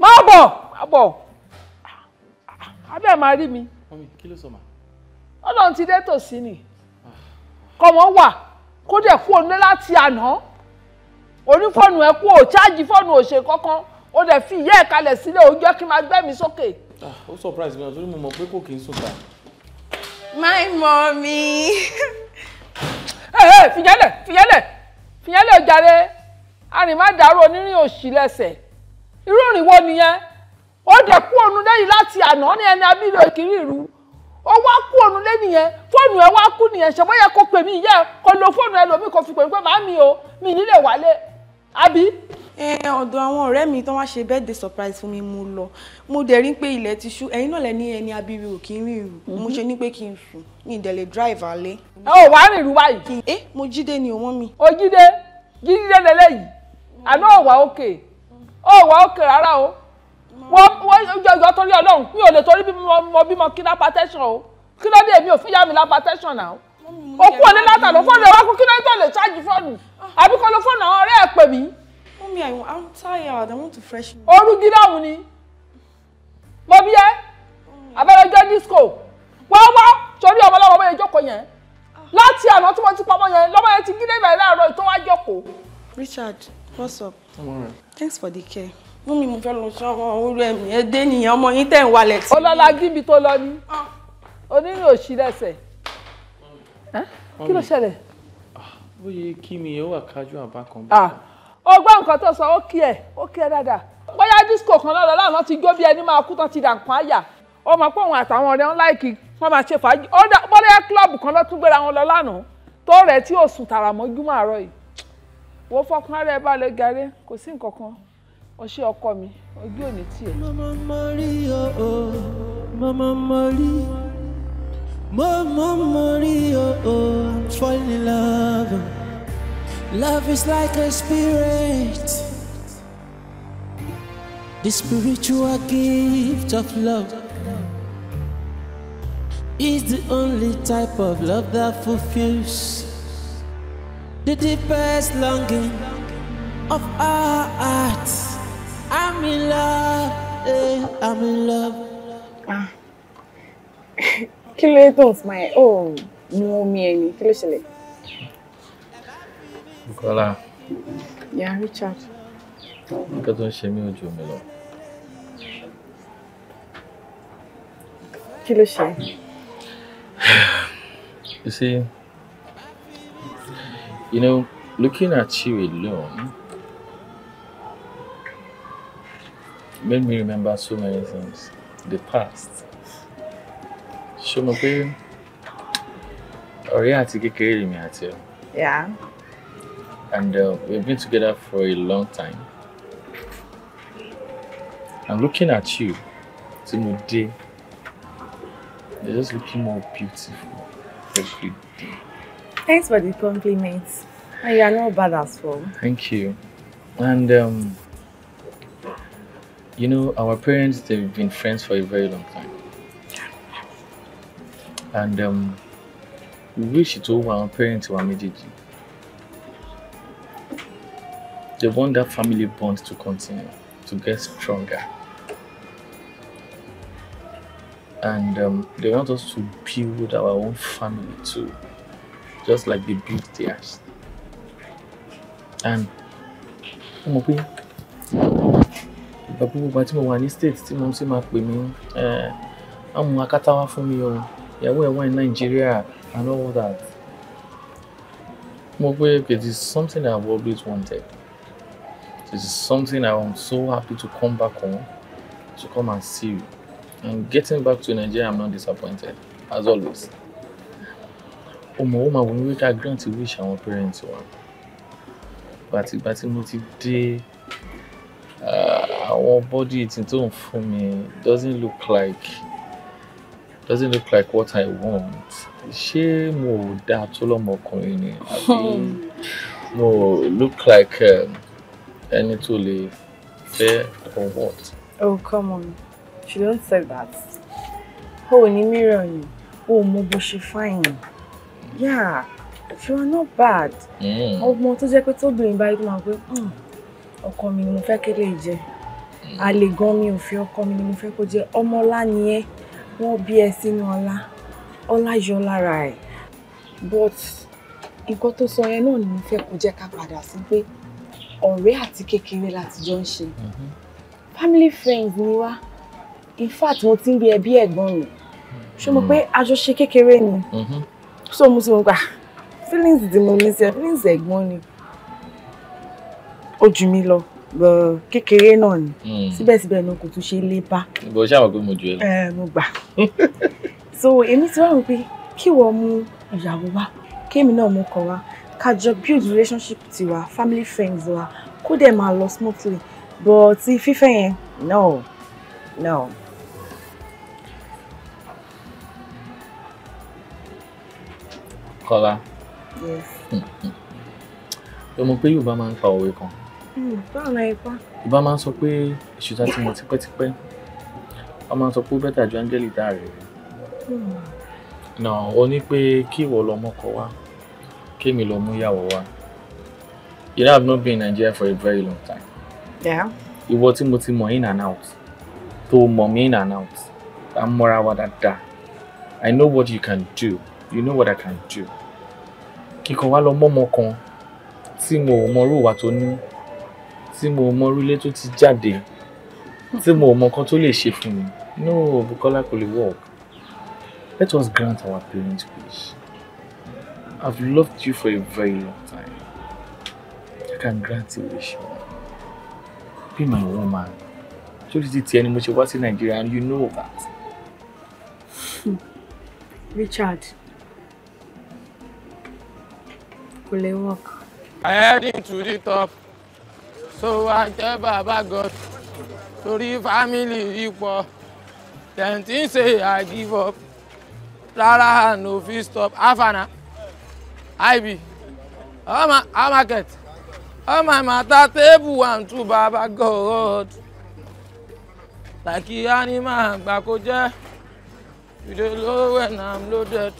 má bọ̀ má bọ̀. abẹ́ máa rí mi. mọ́mí kí ló sọ ma. ọlọ́run ti dé tòsí ni ah. kọ́mọ wà kó dẹ̀ kú oní láti àná onífọ́ọ̀nù ẹ̀ kú ò chájì fọ́ọ̀nù ò ṣe kankan ó dẹ̀ fi ìyá ẹ̀ kalẹ̀ sílẹ̀ ó jẹ́ kí n máa gbẹ́mí sókè. Ah, ó surprise mi ọ̀ torí mo mọ̀ pé kò kì í sùn ta. my mommy. ẹ ẹ fìyẹ́lẹ̀ fìyẹ́lẹ̀ fìyẹ́lẹ̀ jàre arìnmáàdàrú onírìn òṣì lẹ́sẹ̀ irú òrìn wo nìyẹn ó dẹ̀ kú òun lẹ́yìn láti àná ní ẹni abílẹ̀ òkìrí ìrú ó wá kú òun lẹ́yìn yẹn fóònù ẹ wá kú nìyẹn ṣe bóyá kó pè mí yẹ kó lo fóònù ẹlòmíì kó fi pè mí pé màá mi o mi nílé wálé àbí. ẹ ọ̀dọ̀ àwọn ọ̀rẹ́ mi tó wá ṣe birthday surprise fún mi mo lọ mo dẹ̀ rí pé ilẹ̀ ti ṣú ẹ̀yin náà lẹ ní ẹni abírí òkè ń rìn ìrù mhm. mo ṣe ní pé kí n sùn ní ìdẹ̀lẹ̀ drive alẹ́. ẹ ò wá rìn ìrù báyìí. ẹ eh, mo jíde ni òun mi. o jíde jíde lélẹ́yìí àná ò wá òkè ò wá òkè rárá o wọ́n wọ́n jọjọ torí ọlọ́run mi ò lè torí bí mo bímọ kí lápá tẹ́sán o kí ló dé mi ò fún ìyá mi lápá tẹ́sán náà òkú òní látà ló fọ́ọ̀nù ẹ̀wá kú kí ló tó lè ṣáàjì fọ́ọ̀nù ah. àbí kọ́ ló fọ́ọ̀nù àwọn ọ̀rẹ́ ẹ̀ pè mí. Mummy, I'm tired. I want to freshen. Orúgi dáhùn ni. Mo bí ẹ́. Abẹ́rẹ́ jẹ́ disco. Wáwá torí ọmọ ọlọ́wọ́ bẹ́ẹ̀ jókòó yẹn. Ah. Láti àná tí wọ́n ti pamọ́ yẹn, lọ́mọ yẹn ti gílé ìbẹ̀rẹ̀ láàárọ̀ tó wá jókòó. Richard, what's up? Thanks for the care mú mi mo fẹ́ lọ sọ́wọ́ orí ẹ̀mí ẹdẹ nìyẹn ọmọ yín tẹ̀ ń walẹ̀ tì. ọlọ́lá gíbi tó lọ ni ah. onírìn òsì lẹ́sẹ̀ kí ló ṣẹlẹ̀. Ah, bóyá kí mi yẹn wà kájú àbá kan. ó ah, gbọ́ nǹkan tó sọ ó kí ẹ ó kí ẹ dáadáa bóyá disco kan lọ́dọ̀ láwọn ti jó bí ẹni máa kú tán ti dànkàn àyà ó mọ̀ pé òun àtàwọn ọ̀rẹ́ wọn láìkì wọ́n máa ṣe fàájì ó dá bọ́lá kílọ̀bù kan lọ́tún gbéra wọn lọ lánàá tó rẹ̀ tí ò sùn tààrà mọ́júmọ́ àárọ̀ yìí wọ́n fọkàn rẹ̀ balẹ̀ gàrẹ́ kò sí nǹkan kan ọṣẹ ọkọ mi ojú ò ní mama mori oo oh, mama mori mama mori oo oh, i'm falling in love love is like a spirit the spiritual gift of love is the only type of love that fulfills the deepest longing of our hearts. I'm in love, eh, I'm in love. Ah. kill it tó ń smile? Oh, mu omi ẹni, kí ló ṣẹlẹ̀? Bukola. Yeah, Richard. Nǹkan tó ń ṣe mí ojú mi lọ. Kí ló ṣe? You see, you know, looking at you alone, made me remember so many things. The past. Ṣé mo pé ọ̀rẹ́ àti kékeré lè mi àti Yeah. And uh, we've been together for a long time. And looking at you, tí mo dé, you're just looking more beautiful every day. Thanks for the compliments. And you are not bad as well. Thank you. And um, you know, our parents, they've been friends for a very long time. And um, we wish it over our parents to méjèèjì. They want that family bond to continue, to get stronger. And um, they want us to build our own family too, just like they built theirs. And, Mobi, gbogbo ìgbà tí mo wà ní state tí mo sì máa pè mí wọn mú akátá wá fún mi o ìyàwó ẹ̀ wà ní Nàìjíríà and all that mo pé it is something I have always wanted it is something I am so happy to come back home to come and see you and getting back to Nigeria I am not disappointed as always ọmọ ọmọ àwọn oníwèéká grant wish àwọn parents wa bàtìgbà tí mo ti dé. Our uh, body tí tó for me. doesn't look like doesn't look like what I want ṣé mo dáa tó lọ́mọkùnrin ni àbí mo look like any to live, fair or what. oh come on she don't say that Oh ò ní mìíràn yìí o oh, ò mọ bó ṣe fáyìn yeah you are not bad hmm. ọgbọ́n tó jẹ́ pé tóbìnrin báyìí tó máa gbé ọkọ mi ni mo fẹ́ kí lè jẹ àlè gan mi ò fi ọkọ mi ni mo fẹ́ kó jẹ ọmọ ọlá ni ẹ bí ẹ sínú ọlá ọlá yọ lára ẹ̀ but nǹkan tó sọ yẹn náà ni mo fẹ́ kó jẹ́ ká padà sí pé ọ̀rẹ́ àti kékeré láti jọ ń ṣe mm-hmm. family friends ni wá in fact mo ti ń bí ẹbí ẹ̀gbọ́n mi ṣé mo pé àjọṣe kékeré ni mm-hmm. so mo ti mọ̀ gbà ah, feelings di mo ní sí feelings ẹ̀gbọ́n ni. Mm -hmm ó jù mí lọ kékeré náà ni hmm. síbẹ̀síbẹ̀ ni kò tún ṣe lé bá. ìbò ṣàwọn pé mo jù ẹ lọ. ẹ mo gbà so èmi ti wá wò pé kí wọ́n mú ìyàwó wá kémi náà mú ọkọ wá ká jọ build relationship tiwa family friends wa kó dẹ̀ máa lọ smoothly but ti fífẹ́ yẹn no no. Kọ́lá. Yes. Ọmọ hmm, hmm. pé Yorùbá máa ń pa òwe kan. Hmm, ìbá máa ń sọ pé ìṣúta tí mo tipẹ́tipẹ́ wọ́n máa ń sọ pé bẹ́tà ju áńgẹ́lì tá a rẹ̀ rẹ̀ hmm. náà ó ní pé kí ìwọ lọmọ kọ wá kémi lọ mú ìyàwó wá you know I've not been in Nigeria for a very long time. ìwọ tí mo ti mọ̀ in and out tó mọ̀ mí in and out à ń mọ́ra wa dáadáa I know what you can do you know what I can do kíkọ wá lọ mọ́mọ kan tí mo mọ irú tó ní tí mo mọ orílẹ tó ti jáde tí mo mọ nǹkan tó lè ṣe fún mi no Bukola kò lè work let us grant our parents wish I've loved you for a very long time I can grant you wish be my woman torí ti tiẹ̀ ni mo ṣe wá sí Nàìjíríà and you know that. Hmm. Richard kò lè work. I heading to the top so wá jẹ́ bàbá God torí family, yìí pọ̀ dem think say I give up rárá I no fit stop afana ib ọmọ our market ọmọ mata table one two bàbá God like animal gbàkó jẹ́ you dey low when I'm loaded.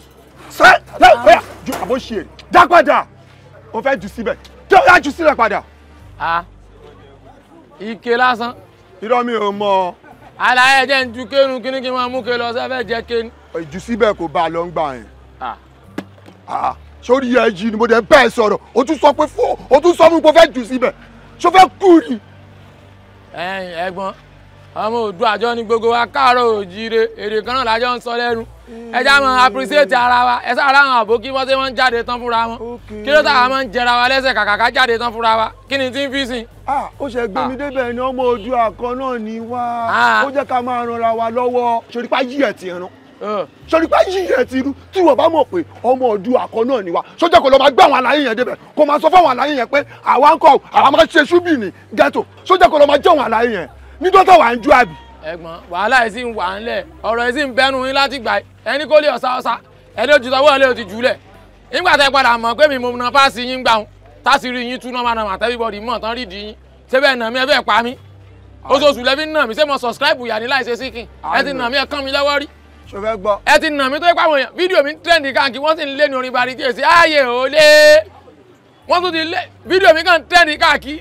sẹ́ lẹ́yìn fẹ́yà ju àbóṣe dá padà o fẹ́ jù síbẹ̀ tó yá jù sílẹ̀ padà. ah ike lásán. irọ́ mi ò mọ̀. àlàyé jẹ́ ń ju kéénu kíní kí n máa mú ké lọ sẹ́fẹ̀ jẹ́ kéénu. ìjù síbẹ̀ kò bá a lọ ń gbà yẹn. sórí ẹ ni mo dẹ̀ bẹ́ẹ̀ sọ̀rọ̀ o tún sọ pé fún o tún sọ fún mi pé o fẹ́ jù síbẹ̀ ṣo fẹ́ kú ni. ẹ̀gbọ́n ọmọ òdua àjọ ni gbogbo wa káàárọ̀ òjíire èrè kan náà lájọ ń sọ lẹ́nu ẹ já mọ appreciate ara wa ẹ sáà láwọn àbókí wọn ṣe wọn ń jáde tán fúnra wọn kí ló tàwa máa ń jẹra wa lẹ́sẹ̀ kàkàkà jáde tán fúnra wa kí ni tí ń fi sìn. a ó ṣe gbé mi ah. débẹ̀ ni ọmọ òdua kan náà ni wá ah. ó jẹ́ ká máa ranra wa lọ́wọ́ ṣòrípá yí ẹ̀ ti ràn sọdípá yìí yẹn ti rú tí wọn bá mọ̀ pé ọmọ ọdún àkọ náà ni wa sọjọ kò lọ máa gbé àwọn àlàyé yẹn débẹ̀ kò máa sọ fáwọn àlàyé yẹn pé àwa ń kọ àwa máa ṣe ṣúbì ní ghetto kò lọ máa jẹ àwọn àlàyé yẹn níjọ́ tó wà ń ju àbí. ẹ̀gbọ́n wàhálà ẹ̀ sì ń wà ń lẹ̀ ọ̀rọ̀ ẹ̀ sì ń bẹnu yín láti gbà ẹni kó lè ọ̀sá ọ̀sá ẹni ó ti sọ wọ́ọ̀lẹ́ ó ti jù lẹ̀ nígbà tẹ́ padà mọ̀ pé mi mo na páàsì yín gbà wọn tásìrì yín tú nọ́mà nàmà tẹ́bíbọ̀dì mọ̀ tán rídìí yín ṣé bẹ́ẹ̀ nà mí ẹ bẹ́ẹ̀ pa mí oṣooṣù lẹ́bí nà mí ṣé mo subscribe yà ní láìṣe síkìn ẹ ti nà mí ẹ mi lọ́wọ́ rí ẹ ti nà mí tó yẹ pàwọn èèyàn fídíò mi ń tẹ́ǹdì káàkiri wọ́n sì ń lé ní orin bari kí èsì ààyè ò mi kàn tẹ́ǹdì káàkiri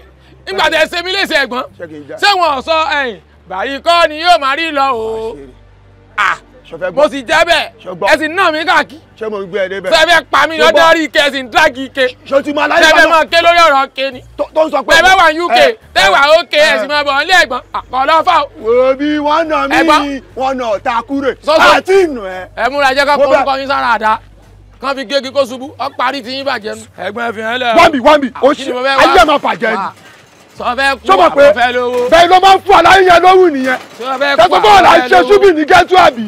nígbà tẹ ṣe mí léṣe ẹ̀gbọ́n ṣé wọn sọ ẹ̀yìn báyìí kọ́ ni yóò máa rí lọ o mo sì jẹ́ bẹ́ẹ̀ ẹ̀sìn náà mi káàkiri sẹ́fẹ̀ pa mí lọ́dọ̀ rí ike ẹ̀sìn drag ike sẹ́fẹ̀ máa ké lórí ọ̀rọ̀ ké ni sẹ́fẹ̀ wà UK tẹ́wà ok ẹ̀sìn máa bọ̀ nílé ẹ̀gbọ́n àkọlọ́fà. wo bí wọn nà mí wọn nà ta kúrè àti ìnù ẹ. ẹ múra jẹ́ kó kórúkọ yín sára àdá kan fi gégi kó ṣubú ọ parí ti yín bàjẹ́ nu. ẹ̀gbọ́n fi hàn lẹ. wọ́n bì wọ́n bì ó ṣe ayé máa bàjẹ́ ni sọfẹ kú àfọfẹ lówó. bẹ́ẹ̀ ló máa ń fún aláyé yẹn nìyẹn. sọfẹ kú àfọfẹ lówó. tẹsán ṣúbì ní gẹ́tù àbí.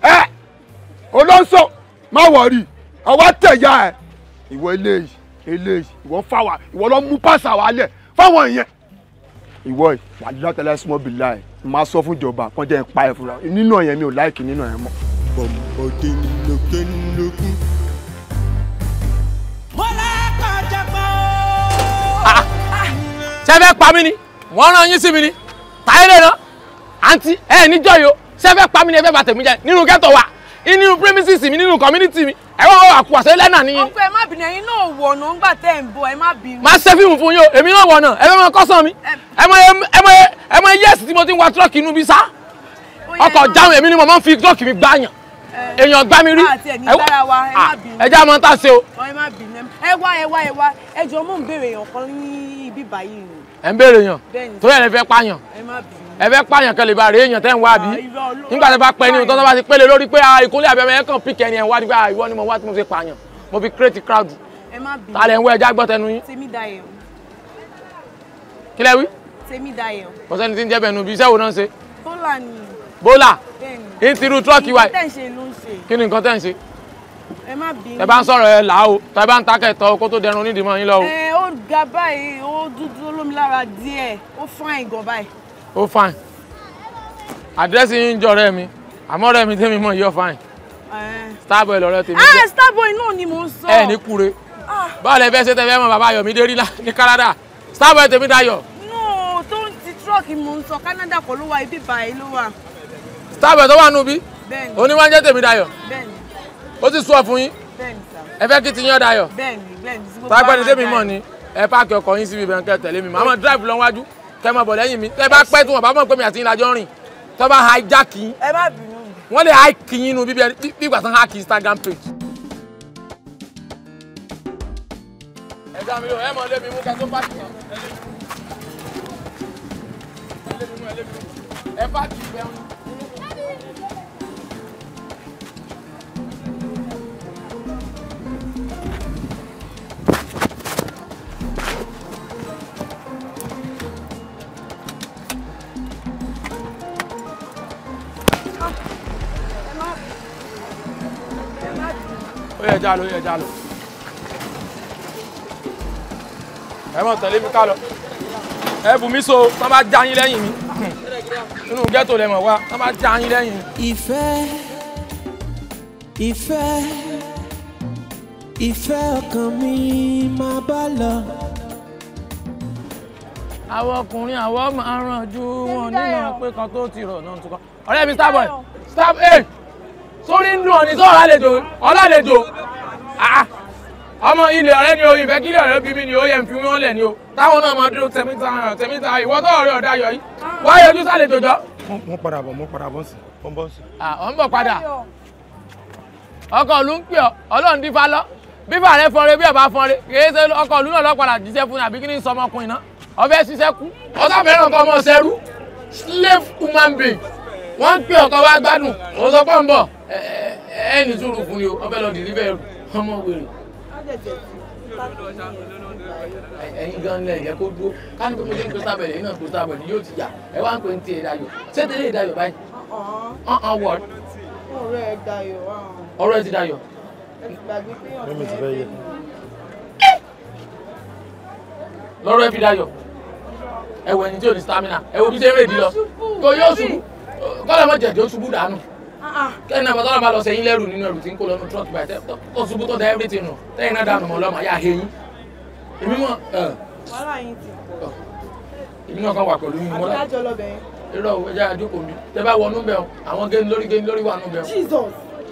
ẹ olóńsọ má wọrí ọwọ́ tẹ̀yà ẹ ìwọ eléyìí eléyìí ìwọ fáwa ìwọ ló mú pàṣà wa lẹ̀ fáwọn ìyẹn. ìwọ wà á small bill láì máa sọ fún ìjọba kan jẹ́ ìpa ẹ̀ fúnra nínú ọ̀yẹ́ mi ò láìkì nínú ọ̀yẹ́ mọ́. bọ̀m̀bọ̀dé sẹ́fẹ́ pa mí ni wọ́n rán yín sí mi ni táyé lè rán àǹtí ẹ níjọ́ yìí o sẹ́fẹ́ ni ẹ fẹ́ bà tèmi nínú ghetto wa nínú premises mi nínú community mi ẹ wọ́n wọ́n àkùwà sẹ́lẹ̀ náà ọkọ ẹ má bínú ẹ̀yin náà wọ̀ ọ̀nà ńgbà tẹ́ ẹ̀ ń bọ̀ ẹ má bínú. máa ṣe fíìmù fún yín èmi náà wọ̀ ọ̀nà ẹ fẹ́ mọ kọ́sàn mi ẹ mọ ẹ mọ yẹ́sì tí mo ti ń wa tírọ́ọ̀kì inú bí sá ọkọ̀ jáwé èmi ni mo máa ń fi tírọ́ọ̀kì mi gbáyàn èèyàn gbá mi rí ah, ẹ jẹ́ àmọ́ tá ṣe o. ẹ wá ẹ wá ẹ wá ẹ jọ mò ń béèrè èèyàn ní ibi báyìí ẹ ń béèrè yàn torí ẹ fẹ́ pààyàn ẹ fẹ́ pààyàn kẹlẹ ìbàrẹ èèyàn tẹ́ ń wá bí ah, nígbà tó bá pẹ ní ìtọ́jú bá ti pélé lórí pé ah, ìkólé àbẹ̀mẹ̀ yẹn kàn ni ah, ẹ̀ ń wá nígbà ìwọ crowd talẹ̀ ń wọ ẹja gbọ́ tẹnu yín. kí lẹ wí. kò sẹ́ni tí ń jẹ́ bẹ́ẹ̀ ni. bólà ń tirú tírọ́ọ̀kì wa kí ni nǹkan tẹ̀ ń ṣe. ẹ má bínú. tẹ bá ń sọ̀rọ̀ ẹ ó ga báyìí ó dúdú olómi díẹ̀ ó fine gan báyìí. ó fine àdírẹ́sì yín ń jọ ọ̀rẹ́ mi àmọ́ ọ̀rẹ́ mi tẹ́mi mọ̀ yọ fine eh. starboy lọ̀rẹ́ tèmi. ah starboy náà ni mo ń sọ. ẹ ní kure ah. báwo lẹ fẹ́ ṣe tẹ fẹ́ mọ bàbá Ayọ̀mídé rí ní Canada starboy tèmi dayọ̀. no tó ń ti tírọ́ọ̀kì mo ń sọ Canada kọ́ ló wà ibi báyìí ló wà. starboy tó wà nù bí. bẹ́ẹ̀ni oníwájẹ́ tèmi dayọ̀. bẹ́ẹ̀ni ó ti sọ fún yín ẹ fẹ́ kí ti yán dayọ̀. bẹ́ẹ̀ni bẹ́ẹ̀ni sí gbogbo àwọn ọmọ tágbẹ́ni ẹ páàkì ọkọ̀ yín síbi ìbẹ̀rẹ̀ tẹ̀lé mi màá mọ̀ drive lọ wájú kẹ́ mọ̀ bọ̀ lẹ́yìn mi tẹ́ bá pẹ́ tí wọ́n bá mọ̀ pé mi àti yín lajọ́ rìn tọ́ bá hijack yín. ẹ má bínú. wọ́n lè hike yín nu bíbí ìgbà hack Instagram page. ẹ dá mi lò ẹ mọ̀ lé mú kẹ́ tó pàṣẹ ẹ lé mú ẹ lé mú ẹ páàkì ìgbẹ́ ẹja lọ ẹja lọ ẹ mọ̀ tẹ̀lé mi ká lọ ẹ bù mí so tọ́ bá já yín lẹ́yìn mi nínú ghetto lẹ́mọ̀ wá tọ́ bá já yín lẹ́yìn mi. ìfẹ́ ìfẹ́ ìfẹ́ ọkàn mi máa bá lọ. àwọn ọkùnrin àwọn máa ń wọn nínú pé kan tó ti rọ̀ náà tún kọ́ ọ̀rẹ́ mi Starboy Starboy sórí ń dùn ọ̀nì sọ̀rọ̀ àlejò ọ̀làlejò ah, ọmọ ilé ọ̀rẹ́ ni o ìfẹ́ kílẹ̀ ọ̀rẹ́ bí mi ni ó yẹ fi wọ́n lẹ̀ ni o táwọn náà máa dúró tẹ̀mítà tẹ̀mítà ìwọ tó ọ̀rẹ́ ọ̀dà yọ yìí wáyé ojú sálejò jọ. mo padà bọ̀ mo padà bọ̀ sí mo bọ̀ sí. Ah, ọ̀ ń bọ̀ padà ọkọ̀ òlu ń pè ọ́ ọlọ́run dífá lọ bíbà rẹ fọnre bí ọba fọnre kìí ṣe ọkọ̀ òlu náà lọ́padà jíṣẹ́ fún àbí kí ni sọmọkùnrin náà ọbẹ̀ ṣiṣẹ́ kú. ọ̀sán fẹ́ràn kọ́ ọmọ ṣẹ́rú slave human being wọ́n ń pè ọkọ wa gbádùn mo sọ pọ́ ń bọ̀ ẹni tó rùkún ni ọbẹ̀ lọ dìrí bẹ́ẹ̀ rù ọmọ wèrè. ẹ̀yin gan lẹ yẹ kó dúró ká ní pé mo ṣe ń sábẹ̀lẹ̀ yìí náà pè sábẹ̀lẹ̀ yóò ti yà ẹ wá ń pè ń tiẹ̀ dayọ̀ ṣé tẹ́lẹ̀ ìdayọ̀ báyìí. ọ̀hún wọ̀ ọ̀rọ̀ ẹ̀ dayọ̀ uh-uh. ọ̀rọ̀ ẹ̀ ti dayọ̀. lọ́rọ̀ ẹ̀ fi dayọ̀ ẹ̀wọ̀ ẹni tí ò ní stamina ẹ̀wọ̀ bí ṣe ń rèdí lọ kò yóò ṣubú kọ́lá mọ̀ jẹ̀dẹ̀ ó ṣubú dànù kẹ́ni náà mọ̀tọ́lá máa lọ sẹ́yìn lẹ́rù nínú ẹrù tí ń kó lọ́nu trọ́ọ̀kì báyìí tó ṣubú tó da everything nù tẹ́yìn náà dànù mọ́ lọ́mọ yá hẹ́yìn èmi mọ̀ wàhálà yín ti pọ̀ èmi náà kàn wà pẹ̀lú yín mọ́lá adájọ́ lọ́bẹ̀ yín irọ́ ẹja àdúgbò mi tẹ bá wọnú bẹ̀ àwọn géni lórí géni lórí wà nú bẹ̀ Jesus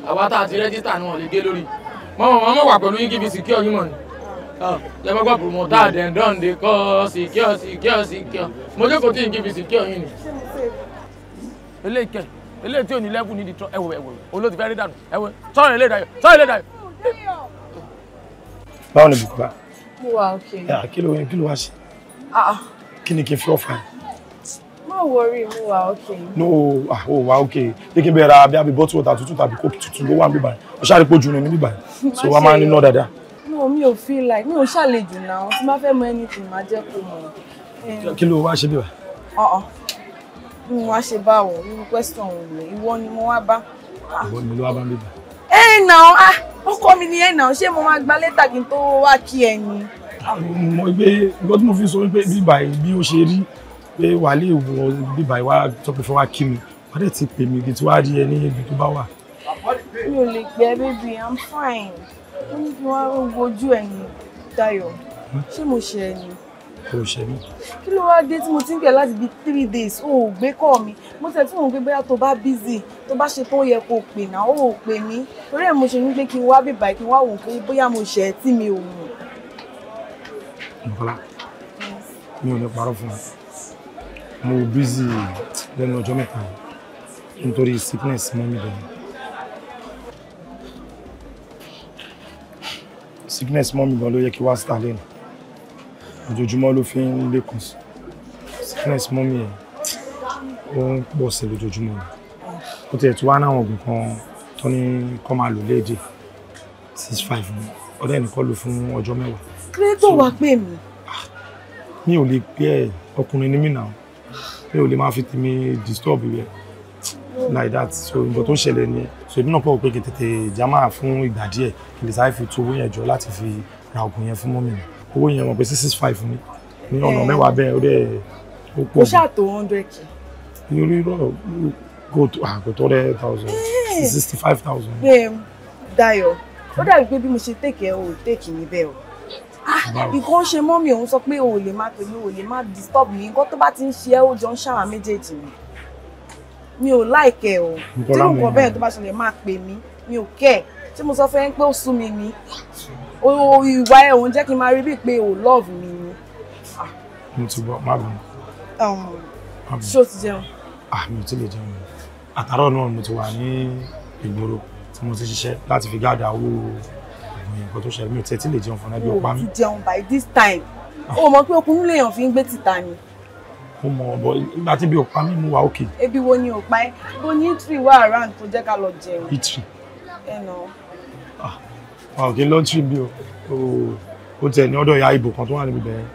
àwa tá a ti rẹ́jísítà ni wọ́n lè gé lórí mọ́mọ́ mọ́mọ́ wà pẹ̀lú yín kí fi secure yín mọ̀ ni ẹ mọ́ gbọ́ promoter dem don dey call secure secure secure mo jókòó tí yín kí fi yín ni eléyìí kẹ eléyìí tí ò ní lẹ́kùn ní detroit ẹ̀wọ̀ ẹ̀wọ̀ olóòtú fẹ́ẹ́ rí dànù ẹ̀wọ̀ sọ̀rọ̀ eléyìí dayọ̀ sọ̀rọ̀ eléyìí dayọ̀. báwo ni bùkúbá. mo wà òkè. kí ló wẹ̀ kí ló wá sí. Ah, ah. kí ni kí n fi ọ̀fà yìí. má wọrí mo wà òkè. no ah, o wà òkè jẹ́ kí n bẹ ra bí bọ́tù wọ̀tà tútù tàbí kóòkì tútù ló wà ń bíbáyìí ọ̀ṣà àdìpọ̀ jù ní bíbáyìí so wà máa ń ná dáadáa no mi ò feel like mi ò ṣàlejò náà tí má fẹ́ mọ anything má jẹ́ kó mọ̀. kí ló wá ṣe bí bí mo wá ṣe bá òun irú question òun rè ìwọ ni mo wá bá. ìwọ ni mo lọ wá bá mi bá. ẹ ẹ nà ọ ah, ọkọ mi ni ẹ nà ọ ṣé mo máa gba lẹ́tà kí n tó wá kí ẹ ni. Ah, mo gbé nǹkan tí mo fi sọ wípé bíbà bí ó ṣe rí pé wàá lè wọ bíbà wá tó pé fẹ́ wá kí mi wàá dẹ̀ ti pè mí kí tí wàá rí ẹ ní ibi tó bá wà. mi ò lè gbẹ baby i'm fine ó ní kí wọn wojú ẹyin Dayọ̀ hmm? ṣé mo ṣe ẹyin kò ṣe mí. kí ló wáá dé tí mo ti ń gbẹ láti bíi three days o ò gbé kọ́ mi mo tẹ̀ tí mò ń gbé bóyá tó bá busy tó bá ṣe tó yẹ kó pè náà ó ò pè mí torí ẹ̀ mo ṣe ní pé kí n wá bèbà kí n wá wò pé bóyá mo ṣẹ̀ ẹ́ tí mi ò mọ̀. nǹkan mi ò ní parọ́ fún ọ mo busy lẹ́nu ọjọ́ mẹ́ta nítorí sickness mọ́ mi dẹ̀ sickness mọ́ mi gan ló yẹ kí wá sí ta lẹ́nu ojoojúmọ́ ló fi ń lékún sí sickness mọ́mí ẹ̀ ó ń pọ̀ sí lójoojúmọ́ ni ó tiẹ̀ tún wá náà oògùn kan tó ní kọ́ máa lò léde six five ni ọ̀dọ́ ẹ̀ nìkan lò fún ọjọ́ mẹ́wàá. kílẹ̀ tó wàá pè mí. Ah, mi ò lè pè ẹ ọkùnrin ni mí náà mi ò lè máa fi tèmi disturb rẹ like that so nǹkan tó ń ṣẹlẹ̀ ni so èmi náà pọ̀ pé kì í tètè já máa fún ìgbà díẹ̀ kì í lè sáré fi tu owó yẹn jọ láti fi ra oògùn yẹn fún mọ́mí mi owó yẹn mọ̀ pé six six five ni ní ọ̀nà eh. mẹ́wàá bẹ́ẹ̀ ó dẹ̀ ó pọ̀. ó ṣàtò hundred k. irú irú kò tó kò tó rẹ̀ thousand eh. sixty five thousand. bẹ́ẹ̀ eh, Dayọ̀ ó dàbí pé bí mo ṣe tèkì ẹ o tèkì mi bẹ́ẹ̀ o ah, nǹkan ṣe mọ́ mi òun sọ pé o ò lè máa pè mí o ò lè máa disturb mi nǹkan tó bá ti ń ṣe ẹ́ ó jọ ń ṣàwọn méjèèjì mi mi ò láìkẹ́ o tí nǹkan bẹ́ẹ̀ tó bá ṣẹlẹ̀ máa pè mí mi ò kẹ́ ẹ̀ tí mo sọ fẹ́ pé ó sú mi ni ìwà ẹ̀ òun jẹ́ kí n máa rí bíi pé ò love mi ni. Ah. mo ti bọ má bọ. Um, ṣé o ti jẹun. Ah, mi ò tí lè jẹun àtàárọ̀ náà mo ti wà ní ìgboro tí mo ti ṣiṣẹ́ láti fi gáàdà owó ìgbìyànjú nǹkan tó ṣẹlẹ̀ mi ò tẹ́tí lè jẹun fún ẹbí ọ̀pá mi. o ti jẹun by this time ah. o mọ̀ pé okun lèèyàn fi ń gbé tìta ni mo mọ ọbọ nígbà tí ibi ò pa mí mú wa òkè. ebi wo ni ò pa ẹ bó ní italy wà around tó jẹ́ ká lọ jẹun. italy. ẹ nà àwọn kì í lọ́ńtì bí o ó tẹ̀ ní ọ̀dọ̀ ìyá ìbò kan tó wà níbi bẹ́ẹ̀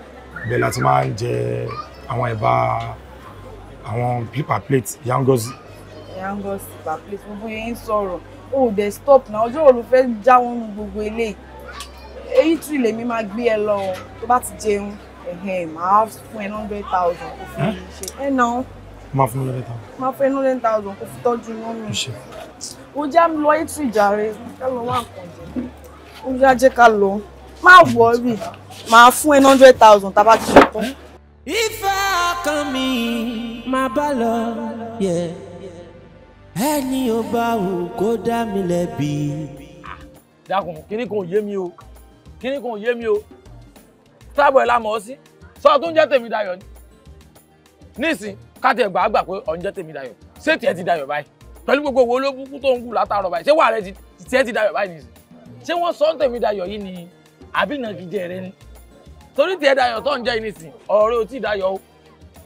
bẹ́ẹ̀ láti máa ń jẹ àwọn ẹ̀bà àwọn paper plate ìyá Ngozi. paper plate gbogbo yẹn ń sọ̀rọ̀ o ò dé stop náà ọjọ́ òru fẹ́ já wọn nu gbogbo eléyìí èyí tún lèmi máa gbé ẹ lọ tó bá ti jẹun máa fún ẹ hundred thousand kò fi ṣe ẹ náà máa fún lẹ́rẹ́ tán. máa thousand kò fi tọ́jú inú mi. o jẹ́ mi lọ ètò ìjà rẹ̀ kẹ́lọ́ wà kàn ó yá jẹ́ ká lọ má wọrí máa fún ẹ hundred thousand tá a bá ti ṣe tán. ìfẹ́ ọkàn mi máa bá lọ ẹni ò bá wù kó dá mi lẹ́bi. Ah, dákun kíní kan ò yé mi o kíní kan ò yé mi o tábọ̀ ẹ̀ la mọ̀ ọ́ sí sọ tó ń jẹ́ tèmi dayọ̀ ni nísìn káti ẹ̀gbà àgbà pé ọ̀ jẹ́ tèmi dayọ̀ ṣé tiẹ̀ ti dayọ̀ báyìí pẹ̀lú gbogbo owó olóbùkún tó ń kú látàárọ̀ báyìí ṣé wàá rẹ tiẹ̀ ti dayọ̀ báyìí nísìn ṣé wọ́n sọ ń tèmi dayọ̀ yìí ni àbí ìnagijẹ rẹ ni torí tiẹ̀ dayọ̀ tó ń jẹ́ ìnísìn ọ̀rẹ́ ò tí dayọ̀ o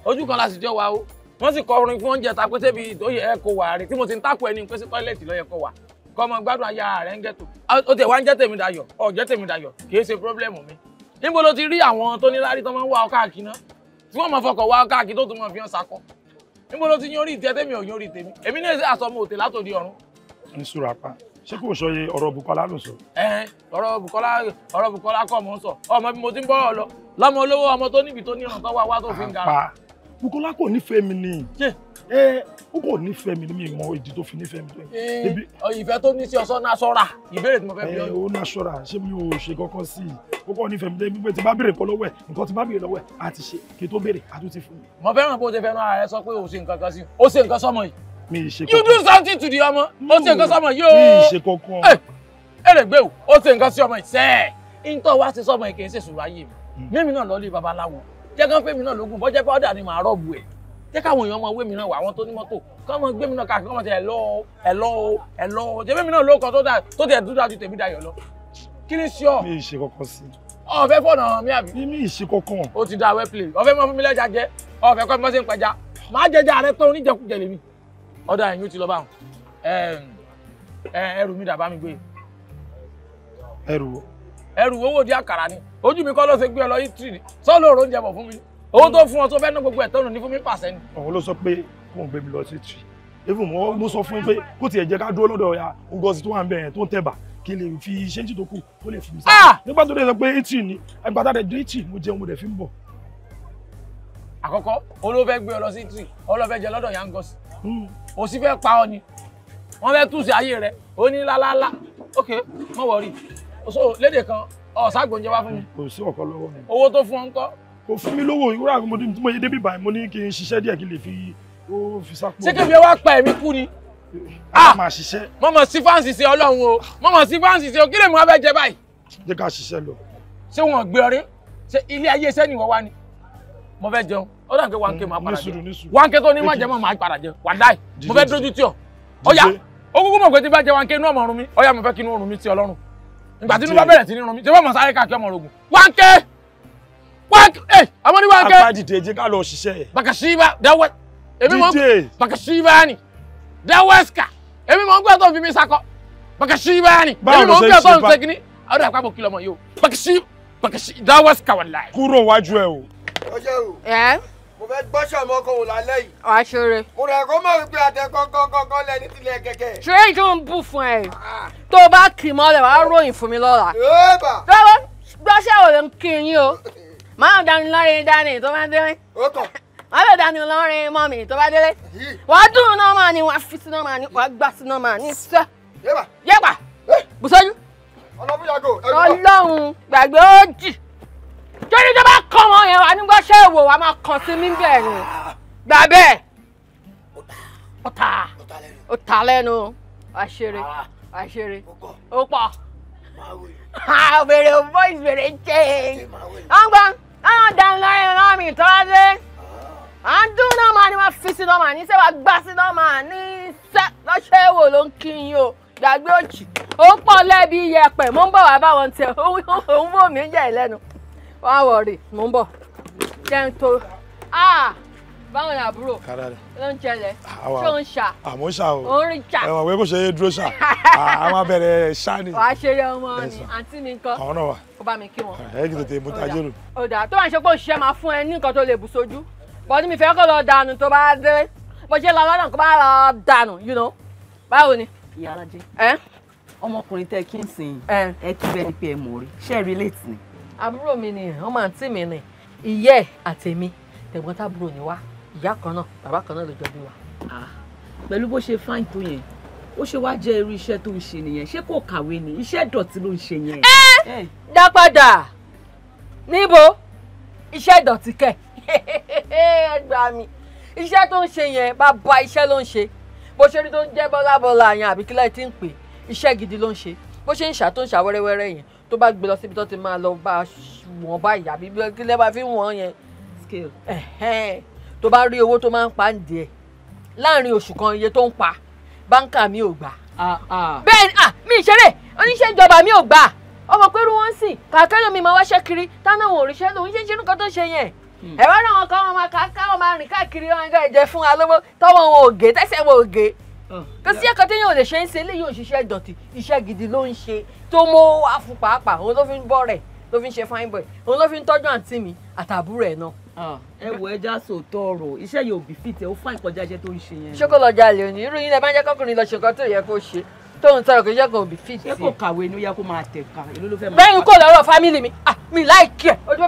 ojú kan la sì jọ wa o wọ́n sì kọ orin fún oúnjẹ ta pé sébi tó yẹ ẹ kó wà rè tí mo ti ń tako ẹni pé sí tọ́ílẹ̀tì ló yẹ kó wà kọ́ ọmọ gbádùn aya rẹ̀ ń gẹ̀tò ó tiẹ̀ wá ń jẹ́ tèmi dayọ̀ ọ̀ jẹ́ tèmi dayọ̀ kìí ṣe pírọ́blẹ́mù mi níbo ló ti rí àwọn tó ní lárí tó máa ń wá ọ káàkiri náà tí wọ́n máa fọkọ̀ wá ọ káàkiri tó tún máa fi hàn sakọ níbo ló ti yan orí ìtẹ́ tèmi ò yan orí tèmi èmi náà ṣe àsọmọ òtè látòdì ọ̀run. ń súra pa ṣé kò sọ yẹ ọ̀rọ̀ Bukola ló sọ. ẹ ọ̀rọ̀ Bukola ọ̀rọ̀ Bukola kọ́ mo ń sọ ọmọ bí mo ti ń bọ́rọ̀ lọ lọ́mọ olówó ọmọ tó níbi tó ní ọ̀nà tó wá wá tó fi ń ga. àpá Bukola kò nífẹ̀ẹ́ mi ni ẹ ó kò nífẹ̀ẹ́ mi ni mi mọ ìdí tó fi nífẹ̀ẹ́ mi tó yẹ. ìfẹ́ tó ní sí ọsán náà sọ́ra ìbéèrè tí mo fẹ́ bí ọyọ. ó náà sọ́ra ṣé mi ò ṣe kankan sí i ó kọ́ nífẹ̀ẹ́ mi tó yẹ pé tí bá béèrè kọ́ lọ́wọ́ ẹ̀ nǹkan tí bá béèrè lọ́wọ́ ẹ̀ àti ṣe kí tó béèrè àtúntì fún mi. mo fẹ́ràn bó ṣe fẹ́ràn ara sọ pé o ṣe nǹkan kan sí o ṣe nǹkan sọmọ yìí you do something to the ọmọ ó ṣe nǹkan sọmọ yóò. mi ì ṣe kankan. Eh, ẹ lè gbé o ó ṣe nǹkan sí ọmọ ìṣe ẹ ntọ́ wa ṣe sọmọ ìkẹ́ ṣe sùúrù ayé mi hmm. mímí náà lọ́ọ́ lé babaláwo jẹ́ kán fẹ́mi náà lógún bọ́jẹ́ pọ́dà ni màá rọ́ọ̀bù ẹ̀ jẹ́ káwọn èèyàn máa wé mi náà wà àwọn tó ní mọ́tò kọ́ mọ́ gbé mi náà káàkiri kọ́mọ́ tẹ ẹ̀ lọ́ ẹ̀ lọ́ ẹ̀ lọ́ jẹ́bí mi náà lóko tó dà tó tẹ̀ dúdú àti tèmi dayọ̀ lọ kí ni sọ. mi ì ṣe kankan sí. ọ̀fẹ́ fọ̀nà mi àbí. mi ì ṣe kankan. o ti da well play ọ̀fẹ́ mọ́ fún mi lẹ́jà jẹ́ ọ̀fẹ́ kọ́ mi mọ́ sí ń pẹja màá jẹjà rẹ tó oníjẹkújẹ lèmi ọ̀dà ẹ̀yìn ti lọ bá wọn ẹrù mi dàbá mi gbé. ẹrù wo. ẹrù wo wò di àkàrà ni ojú mi kọ́ ló ṣe gbé ọ lọ ítírì sọ́ọ́ lóòrò oúnjẹ bọ̀ fún mi owó tó fún ọ tó fẹ́ ná gbogbo ẹ̀tọ́ nù ní fún mi pàṣẹ ni. ọ̀hún ló sọ pé kò ń gbé mi lọ sí ítírì even mo mo sọ fún pé kó tiẹ̀ jẹ́ ká dúró lọ́dọ̀ ọ̀ya ngọ́sí tó wà ń bẹ̀ yẹn tó ń tẹ̀bà kí lè fi ṣéǹtì tó kù kó lè fi mi sá. Ah! nígbà tó dé sọ pé ítírì ni ẹgbàá tá a dẹ̀ dé ítírì mo jẹun mo dẹ̀ fi ń bọ̀ àkọ́kọ́ olófẹ́ gbé ọ lọ sí tì ọlọ́fẹ́ jẹ lọ́dọ̀ yangọ́sì ó hmm. sì fẹ́ pa ọ ni wọ́n fẹ́ túnṣe ayé rẹ ó ní lálálá ok mọ̀ wọ̀rí so léde kan ọ̀ságbòǹjẹ wá fún mi. kò sí ọ̀kan lọ́wọ́ mi. owó tó fún ọ ń kọ́. kò fún mi lówó ìwúrà mi tí mo yé débi báyìí mo ní kí n ṣiṣẹ́ díẹ̀ kí n lè fi ó fi sápò. ṣé kébìyẹn wá pa ẹ̀mí kú ni. a ah! máa ṣiṣẹ́. mọ̀mọ́ sí fáǹsì ṣe ọlọ́run o mọ̀mọ́ sí fáǹsì ṣe o kí lèmi wá fẹ́ jẹ báyìí. jẹ́ ká ṣiṣẹ́ lọ. ṣé wọn gbé ọrẹ ṣé ilé ayé iṣẹ́ nìwọ wá ni mo fẹ́ jẹun ó dàn pé one k máa padà jẹun one k tó ní má jẹ mọ́ máa padà jẹun wà dáì mo fẹ́ dójú tì ọ́ ọ̀yà ó kúkú mọ̀ pé tí bá jẹ one k inú ọmọ ọ̀run mi ọ̀yà mo fẹ́ kí inú ọ̀run mi ti ọlọ́run ìgbà tí inú bá bẹ̀rẹ̀ sí ní rún mi tí wọ́n mọ̀ sáré káàkiri ọmọ orogun one k one k ẹ àmọ́ ní one k. apá dìde jẹ́ ká lọ ṣiṣẹ́. bakasiba dawẹ èmi mọ bakasiba ni dawẹsika èmi mọ ngbà tó fi mi sakọ bakasiba ni èmi mọ ngbà tó ń segin ni ọdún àpapọ̀ kìlọ̀ mọ̀ yìí o bakasi bakasi dawẹsika wà láyé. kúrò wájú ẹ o ọjọ́ o. ẹ. mo fẹ́ gbọ́sọ̀ mọ́ kó o lálẹ́ yìí. wà á ṣeré. mo rẹ̀ kó mọ̀ wípé àtẹ kọ́kọ́kọ́ lẹni tilẹ̀ kẹ̀kẹ́. ṣé ìjọ ń bù fún ẹ ah. tó o bá kì í mọ́lẹ̀ wàá ròyìn fún mi lọ́la. yóòbá. lọ́wọ́ gbọ́sẹ̀ ò lè kí yín o máa dání lọ́rin dání tó bá délé. ó tọ̀. máa lè dání lọ́rin mọ́ mi tó bá délé. wàá dùn náà máa ní wàá fi síná máa ní wàá gbà síná máa ní sẹ́. yéèbà. yéèbà. bùsọ́jú. ọlọ́run gbàgbé ó jì. torí tó bá kọ́ wọn yẹn wà nígbà ṣẹ́ èwò wà máa kàn sí mí bẹ́ẹ̀ ni gbà bẹ́ẹ̀ ó ta ó ta lẹ́nu àṣírí àṣírí ó pọ̀ àwèrè voice wèrè jẹ́ ọgbà àwọn danlọ́rin náà mi tọ́lá dé à ń dún náà máa ní wọ́n fi sí náà máa ní sẹ́wà gbá sí náà máa ní sẹ́ lọ́ṣẹ́ èwò ló ń kí yín o gbàgbé òjì ó pọ̀ lẹ́bi iyẹ̀pẹ̀ mo ń bọ̀ wá báwọn tiẹ̀ òun wò mí jẹ́ ìlẹ́nu wá wọ̀rì mò ń bọ̀ jẹ́ ń tó báwo ni àbúrò ló ń jẹlẹ ṣó ń ṣà àmọ́ ṣà o òun rìn ṣà ẹ̀wọ̀n pé kò ṣe é dúró ṣà a máa bẹ̀rẹ̀ ṣá ni. wàá ṣeré ọmọ ni àǹtí mi nǹkan àwọn náà wà ó bá mi kí wọn. ẹ kì í tètè mú tajérò. ó dà tó bá ń ṣe pé òṣìṣẹ́ máa fún ẹ ní nǹkan tó lè bù sójú bọ́dí mi fẹ́ kó lọ dànù tó bá dé bó ṣe lọ lọ́nà kó bá lọ dànù you know báwo ni. ìyá alájẹ ọmọkùnrin tẹ kí n sìn ẹ kí bẹ́ẹ̀ ni pé ẹ mọ̀ rí ṣẹ́ẹ̀ rí léètì ni àbúrò mi ni ọmọ àǹtí mi ni ìyá ẹ̀ àtèmi tẹ̀gbọ́n tábúrò ni wá ìyá kan náà bàbá kan náà ló jọ bí wa. pẹ̀lú bó ṣe fáìn tó yẹn ó ṣe wá jẹ́ irú iṣẹ́ tó ń ṣe nìyẹn ṣé kò kàwé ni iṣẹ́ ìdọ̀tí ló ń ṣe yẹn. ẹ dá padà níbo iṣẹ́ ìdọ̀tí kẹ̀ ẹ gbà mí iṣẹ́ tó ń ṣe yẹn bàbá iṣẹ́ ló ń ṣe bó ṣe rí tó ń jẹ́ bọ́lá bọ́lá yẹn àbí kílẹ̀ ń pè iṣẹ́ gidi ló ń ṣe bó ṣe ń ṣà wẹ́rẹ́wẹ́rẹ́ yẹn tó bá gbé lọ síbi tó ti máa lọ bá wọ́n báyìí àbí kí lẹ́ bá fi wọ́n yẹn tó bá rí owó tó máa ń pa ń díẹ̀ láàrin oṣù kan iye tó ń pa báńkà mi ò gbà. bẹ́ẹ̀ ni mi ìṣeré oníṣẹ́ ìjọba mi ò gbà ọmọ pẹ́rú wọn sìn kàkẹ́lò mi máa wáṣẹ́ kiri táwọn àwọn òrìṣẹ́ lòun ṣe ń ṣe nǹkan tó ṣe yẹn ẹ̀rọ náà wọn kọ́ wọn máa kà á káwọn máa rìn káàkiri wọn ẹ̀jẹ̀ fún wa lówó tọ́wọ́ wọn ò gé tẹ́sẹ̀ wọn ò gé kò sí ẹ̀kọ́ téèyàn ò lè ṣe ń ṣe eléyìí ò ṣiṣẹ́ ìdọ̀tí iṣẹ́ gidi ló ń ṣe tó mọ́ àfun pàápàá òun ló fi ń bọ́ rẹ̀ ló fi ń ṣe fine boy òun ló fi ń tọ́jú àǹtí mi àtàbúrò ẹ̀ náà. ẹ wo ẹja sòótọ́ ọ̀rọ̀ iṣẹ́ yóò bí fìtẹ́ ó fún ìkọjá iṣẹ́ tó ń ṣe yẹn. ṣé kò lọ jalè òní irú yín lẹ máa ń jẹ́ kọ́kùnrin lọ ṣe nǹkan tó yẹ kó ṣe tóun tọrọ kò jẹ́ kó bí fìtì. ṣé kò kàwé ni yẹ kó máa tẹ̀ èló ló fẹ́ máa. bẹ́ẹ̀ ni kò lọ́rọ̀ fámìlì mi ah, mi láì ẹ̀ ojú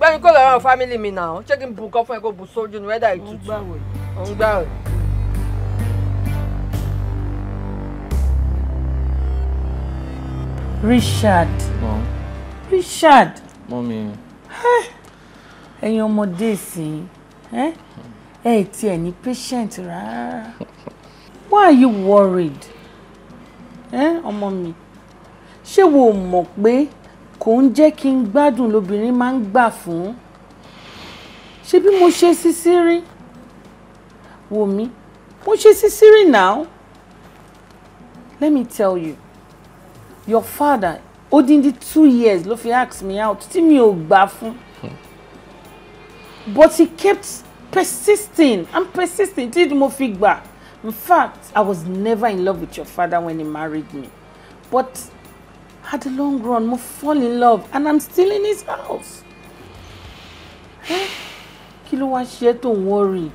gbẹ́ni kò lọ́ọ́ ràn fámìlì mi náà ṣé kí n bu nǹkan fún ẹ kó bu sójú ní wẹ́dà ìtútù òun gbà wẹ̀. Richard. Mom. Richard. Mọ́mí. ẹ̀yin ọmọdé ìsìn ẹ̀ ẹ̀ tiẹ̀ ní patient rárá. Why are you worried? ọmọ mi ṣé wo mọ̀ pé kò ń jẹ́ kí n gbádùn lobìnrin máa ń gbà fún ṣé bí mo ṣe sísírí wò mí mo ṣe sísírí now let me tell you your father odindi two years ló fi ask me out tí mi ò gbà fún but he kept persisting and persisting tí mo fi gbà in fact i was never in love with your father when he married me but at the long run mo fall in love and i'm still in his house. kí ló wá ṣe é tó ń worry.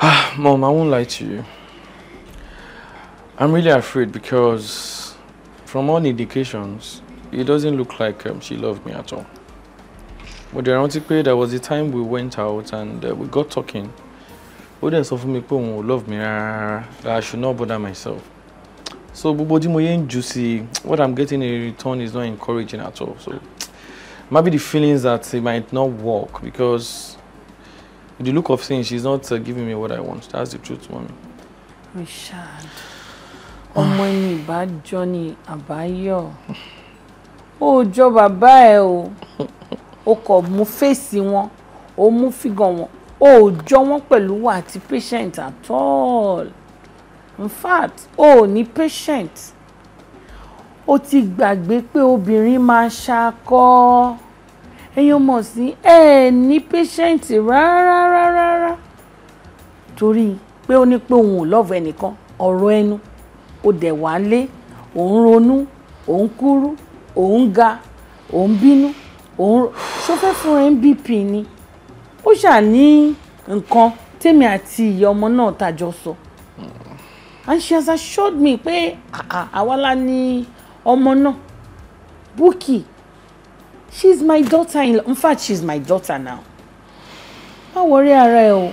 ah mom i won't lie to you i'm really afraid because from all indications it doesn't look like um, she loved me at all. But then rántí pé there was a time we went out and uh, we got talking. Ó dẹ̀ sọ fún mi pé òun ò love me rárá that I should not bother myself so gbogbo tí mo yẹ ń jù sí what i'm getting in return is not encouraging at all so maybe the feelings that it might not work because the look of things she's not uh, giving me what i want that's the truth mommy. richard ọmọ ẹni ìbájọ́ ni àbáyọ̀ ó jọ bàbá ẹ o ó kọ mú fèsì wọn ó mú fígàn wọn ó jọ wọn pẹ̀lú wà àti patient at all in fact o oh, ni patient o ti gbàgbé pé obìnrin máa ṣakọ èèyàn mọ̀ sí ẹ ní patient rárá rárá rárá torí pé ó ní pé òun ò lọ́ọ̀fù ẹnìkan ọ̀rọ̀ ẹnu ó dẹ̀ wá lé òun ronú òun kúrú òun ga òun bínú òun ṣọfẹ́ fún ẹ ni ó ṣà ní nǹkan tèmi àti ìyá ọmọ náà tàjọ sọ. So and she has assured me pé àwala ni ọmọ náà Bukky she is my daughter in law in fact she is my daughter now má wọrí ara ẹ o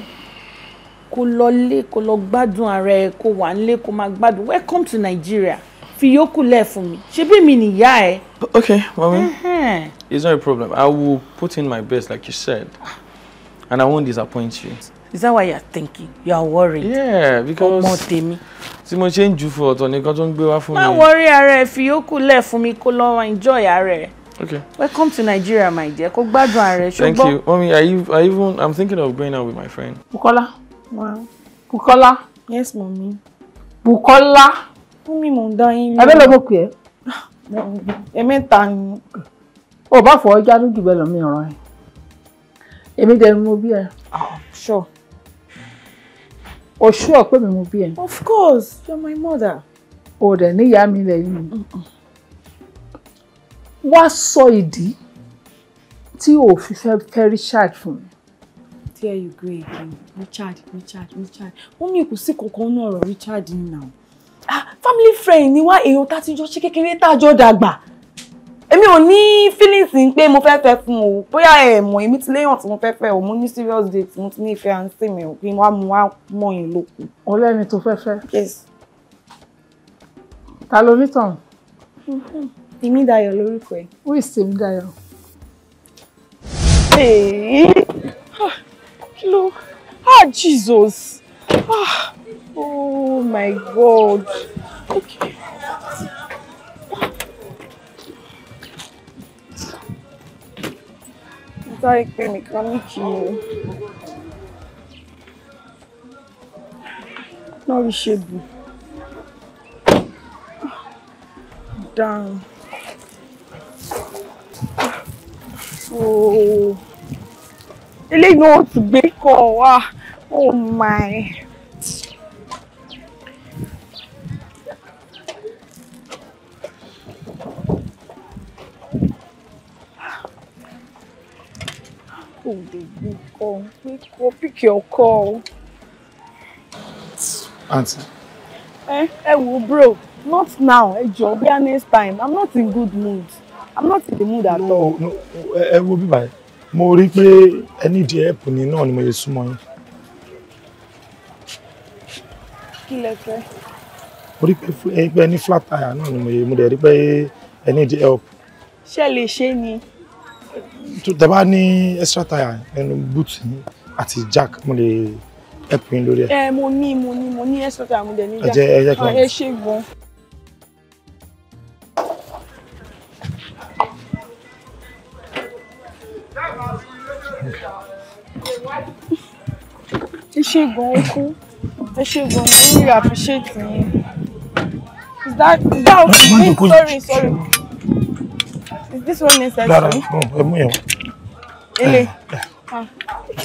kó lọ lé kó lọ gbádùn ara ẹ kó wà nílé kó máa gbádùn welcome to Nigeria fi yòókù lẹ̀ fún mi ṣebí mi nìyá ẹ. okay mami uh-huh. it's not a problem i will put in my best like you said and i won't disappoint you. is that why you are thinking you are worried. yeah because ọmọ tèmi tí mo ṣe ń jù fún ọ̀tọ̀ nìkan tó ń gbé wá fún mi. má wọrí ara ẹ fi yòókù lẹ̀ fún mi kó lọ enjoy ara ẹ. okay welcome to Nigeria my dear kó gbádùn ara ẹ ṣùgbọ́n. thank you mami i even i'm thinking of going out with my friend. Bukola wow Bukola. yes mami. Bukola. fún mi mò ń dán yín. ẹbẹ ló mọ pé ẹ. ẹ̀mẹ́ta ni. o bá fọ ọjà lójú bẹ́ẹ̀ lọ mi ràn ẹ èmi dẹnu mo bí ẹ. Ah, sure o oh, sure pé mi mo bí ẹ. of course you're my mother. o oh, dẹ̀ níyàá mi lẹ́yìn mi. wá sọ ìdí tí o fi fẹ́ fẹ́ Richard fún mi. there you go again Richard Richard Richard wọ́n mi kò sí kankan náà ọ̀rọ̀ Richard nínú ah family friend ni wá èèyàn tá a ti jọ ṣe kékeré tá a jọ èmi ò ní feelings ń pé mo fẹ́ fẹ́ fún o bóyá ẹ mọ̀ èmi ti léyàn tí mo fẹ́ fẹ́ o mo ní serious date mo ti ní ìfẹ́ àǹtí mi ò pé wá mu wá mọ̀ yín lókun. ọ̀rẹ́ mi tó fẹ́ fẹ́. yes. ta ló ní tàn. Mm-hmm. Tèmídayọ̀ lórúkọ ẹ̀. who is Tèmídayọ̀. Hey. Ah, ló ah Jesus ah oh my God okay. sáré pé nìkan méjì ni náà rí ṣe bù dáhùn ooo eléyìí náà oh my. people dey go come make go pick your call. aunty. Eh, ẹ eh, wo bro not now ẹ jọ bíi next time i'm not in good mood i'm not in the mood at no, all. no ẹ wo bíbá yẹn mo rí i pé ẹ nídìí ẹ̀pù ni náà ni mo lè súnmọ́ yín. kí lẹ fẹ́. mo rí i pé ẹ ní flat tire náà ni mo lè rí i pé ẹ nídìí ẹ̀pù. ṣé lè ṣe ni tẹ́ bá ní extra tire ẹnu boot àti jack mo lè help yín lórí ẹ. ẹ mo ní mo ní mo ní extra tire mo dẹ̀ ní jack ẹ jẹ́ kí n. ẹ ṣe gan. ẹ ṣe gan okú ẹ ṣe gan mo really appreciate yín. is that is that okay? sorry sorry. Is this one necessary? Lára ẹ mú yẹn wá. Ele. Eh, ah.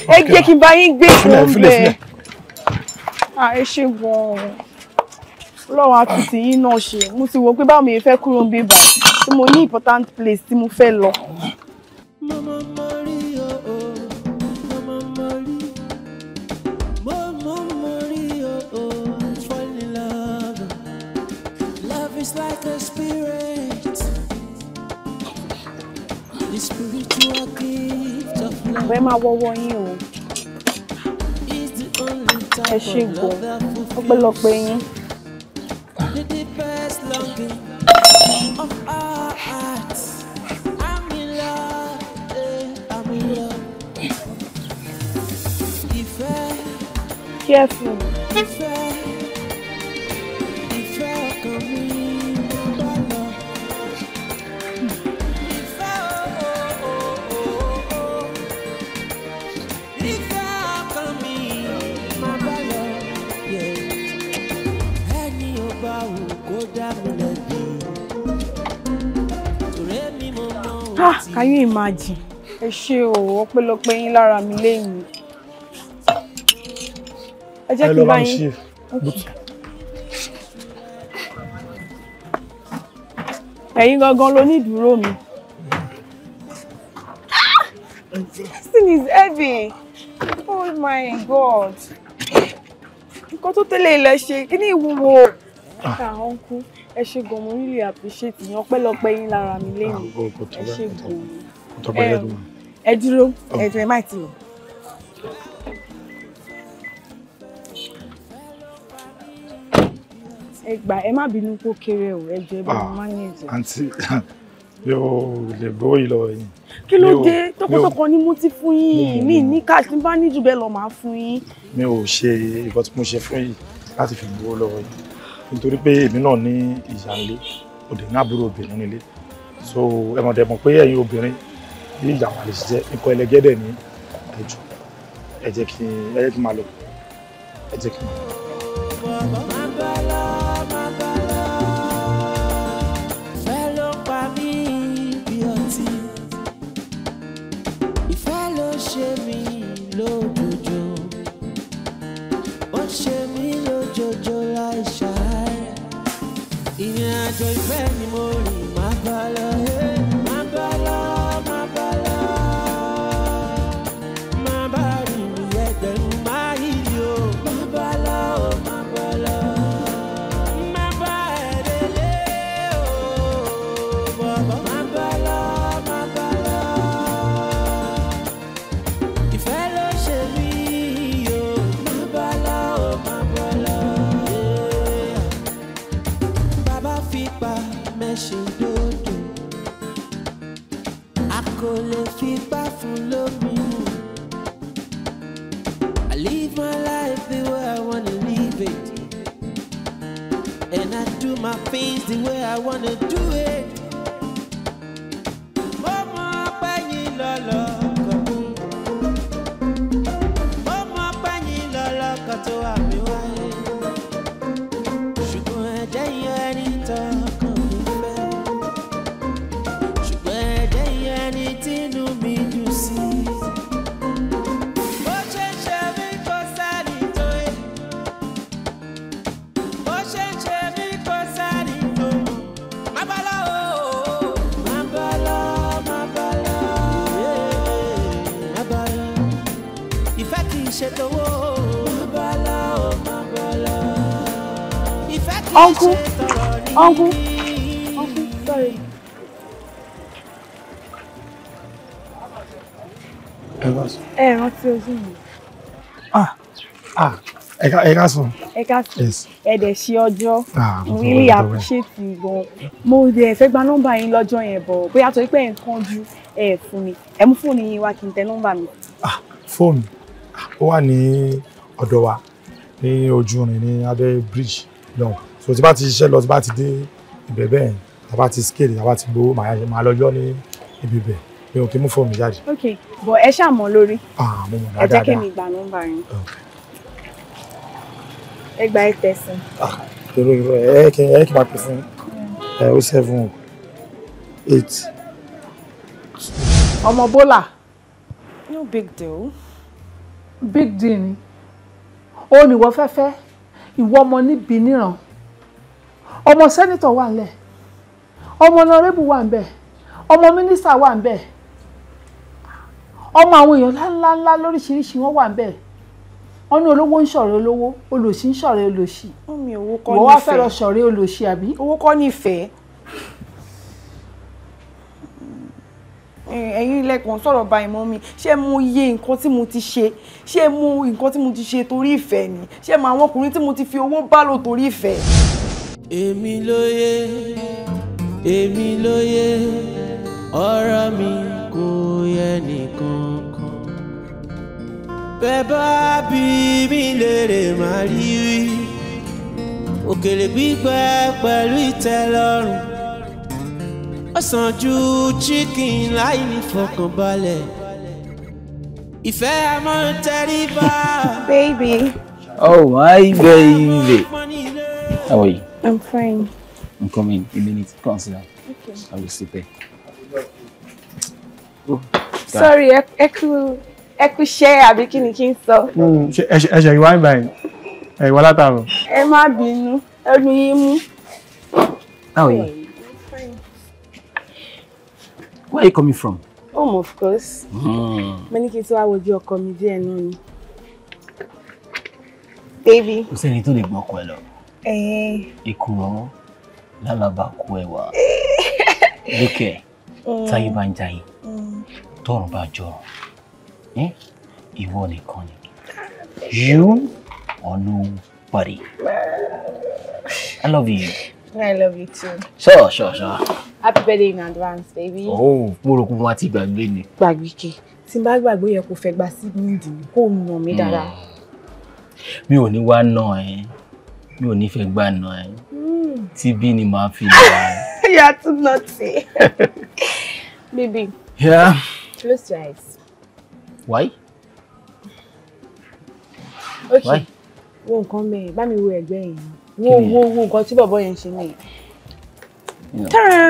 Ẹ jẹ́ kí n bá yín gbé ìwọ̀n bẹ́ẹ̀. Fílẹ̀ fílẹ̀. Ah, ẹ ṣe gan-an. Ọlọ́run àtúntì yín náà ṣe. Mo ti wò pé báwo important place tí mo fẹ́ àbẹ máa wọ́wọ́ yín o ẹ ṣe gbọ́ ọpẹ́lọpẹ́ yín. Careful. ah can you imagine ẹ ṣe o ọpẹ́lọpẹ́ yín lára mi lẹ́yìn ẹ jẹ́ kí n bá yín ẹ̀yin gangan ló ní ìdúró mi this thing is heavy oh my god nǹkan tó tẹ́lẹ̀ ilẹ̀ ṣe kí ni ìwúwo ọ̀nkú. Ah ẹ ṣe gan mo really appreciate yín ọpẹ́lọpẹ́ yín lára mi lẹ́yìn ah, ẹ ṣe gan ẹ dúró oh. ẹ jọ̀ọ́ ẹ má ti lọ. ẹ gbà ẹ má bínú kó kéré o ẹ jọ̀ọ́ ẹ bá mi ah, manage. àǹtí yóò lè gbowó yìí lọ́wọ́ yìí. kí ló dé tọkọtọkọ ni mo ti fún yín mi ní cash ní bá ní jù bẹ́ẹ̀ lọ máa fún yín. mi ò ṣe nǹkan tí mo ṣe fún yìí láti fi gbowó lọ́wọ́ yìí nítorí pé èmi náà ní ìyá nílé òde ní àbúrò obìnrin nílé so ẹmọdẹmọ pé ẹ̀yin obìnrin bí ìyàwó àlè ṣiṣẹ́ nǹkan ẹlẹgẹdẹ ní ẹjọ́ ẹ kí n máa lọ ẹ kí n máa lọ. ìyẹn àjọ ìfẹ́ ni mo. things the way I wanna do it. Uncle. Uncle, sorry. Ẹ ká sùn. Ẹ rántí Ah, ah, ẹ ká ẹ ká sùn. Ẹ ká sùn. Ẹ dẹ̀ ṣe ah, Really appreciate you gan. Mo dẹ̀ fẹ́ gba nọ́mbà yín lọ́jọ́ yẹn bọ̀. Bóyá torí pé ẹ̀ ń kánjú ẹ̀ fún mi. Ẹ mú fóònù yín wá kí n tẹ nọ́mbà mi. Ah, fóònù ah, ó wà ní ọ̀dọ̀ wa ní ojú rìn ní abẹ́ bridge lọ́hùn so tí bá ti ṣiṣẹ́ lọ tí bá ti dé ibẹ̀ bẹ́ẹ̀ tàbá ti scale tàbá ti gbowó màá lọ yọ ní ibi bẹ̀ mi ò kí mú fóònù jáde. ok bọ̀ ẹ ṣàmọ lórí. ah mo mọ̀ dáadáa ẹ kí mi gbà nọ́mbà yín. ẹ gba ẹ tẹ̀sán. ah èrò ìrọ ẹ ẹ kí ẹ kí máa pè fún ẹ ó seven eight. ọmọ bọ́là. no big deal. big deal ni. ó ní wọ́n fẹ́ fẹ́ ìwọ ọmọ níbi níran ọmọ sẹ́nitọ̀ wà ńlẹ̀ ọmọ nọrẹ́bù wà ńbẹ̀ ọmọ mínísítà wà ńbẹ̀ ọmọ àwọn èèyàn ńláńlá lóríṣiríṣi wọn wà ńbẹ̀ wọn ní olówó ń ṣọ̀rẹ́ olówó olòṣì ń ṣọ̀rẹ́ olòṣì wọ́n wá fẹ́ lọ ṣọ̀rẹ́ olòṣì àbí. owó kọ́ nífẹ̀ẹ́ ẹ̀yin ilẹ̀kùn sọ̀rọ̀ báyìí mọ́ mi ṣé mo yẹ nǹkan tí mo ti ṣe ṣé mo nǹkan tí mo ti ṣe torí ìfẹ́ ni ṣé mo àwọn ọkùnrin tí mo ti fi owó bá lò torí ìfẹ́ ni èmi lóye èmi lóye ọ̀rọ̀ mi kò yẹ nìkan kan bẹ́ẹ̀ bá bí mi lèrè má rí rí òkèlè gbígbẹ pẹ̀lú ìtẹ́lọ́rùn ó sàn ju chicken láì ní fọkànbalẹ̀ ìfẹ́ a máa ń tẹríba. baby. oh my baby. how are you. I'm fine. I'm coming in a minute. Come and sit down. Okay. I will sit there. Oh, Sorry, ẹ kú share kú ṣẹ́ àbí kí ni kí n sọ. Hmm, ẹ ṣe ìwà ìgbà yìí, ẹ ìwà How are you? fine. Where are you coming from? Home, of course. Hmm. Mo ní kí n tí wá wojú Baby. Kò sẹ́ni tó lè gbọ́ ọkọ ẹ Ìkùrọ̀ eh. lálàbàkú ẹwà. Lókè mm. táyé bá ń jayé. Mm. Tọ́run bá jọrùn. Ìwọ nìkan ni. You or nobody. I love you. I love you too. Sure, sure, sure. Happy birthday in advance, baby. Oh, mo rò pé wọ́n ti gbàgbé ni. Gbàgbé ke. Tí n bá gbàgbé yẹ kó fẹ́ gba sí nídìí kó nà mí dára. Hmm. Mi ò ní wá nà ẹ́ mi ò nífẹ̀ẹ́ gbà nà ẹ́ hmm. tí bí ni màá fi nà ẹ́. you are too naughty. baby. yeah. close your eyes. why. okay why? wo nǹkan mẹ́rin bá mi wo ẹ̀gbẹ́ yẹn wo wo wo nǹkan tí bọ̀bọ̀ yẹn ṣe mẹ́rin. tara.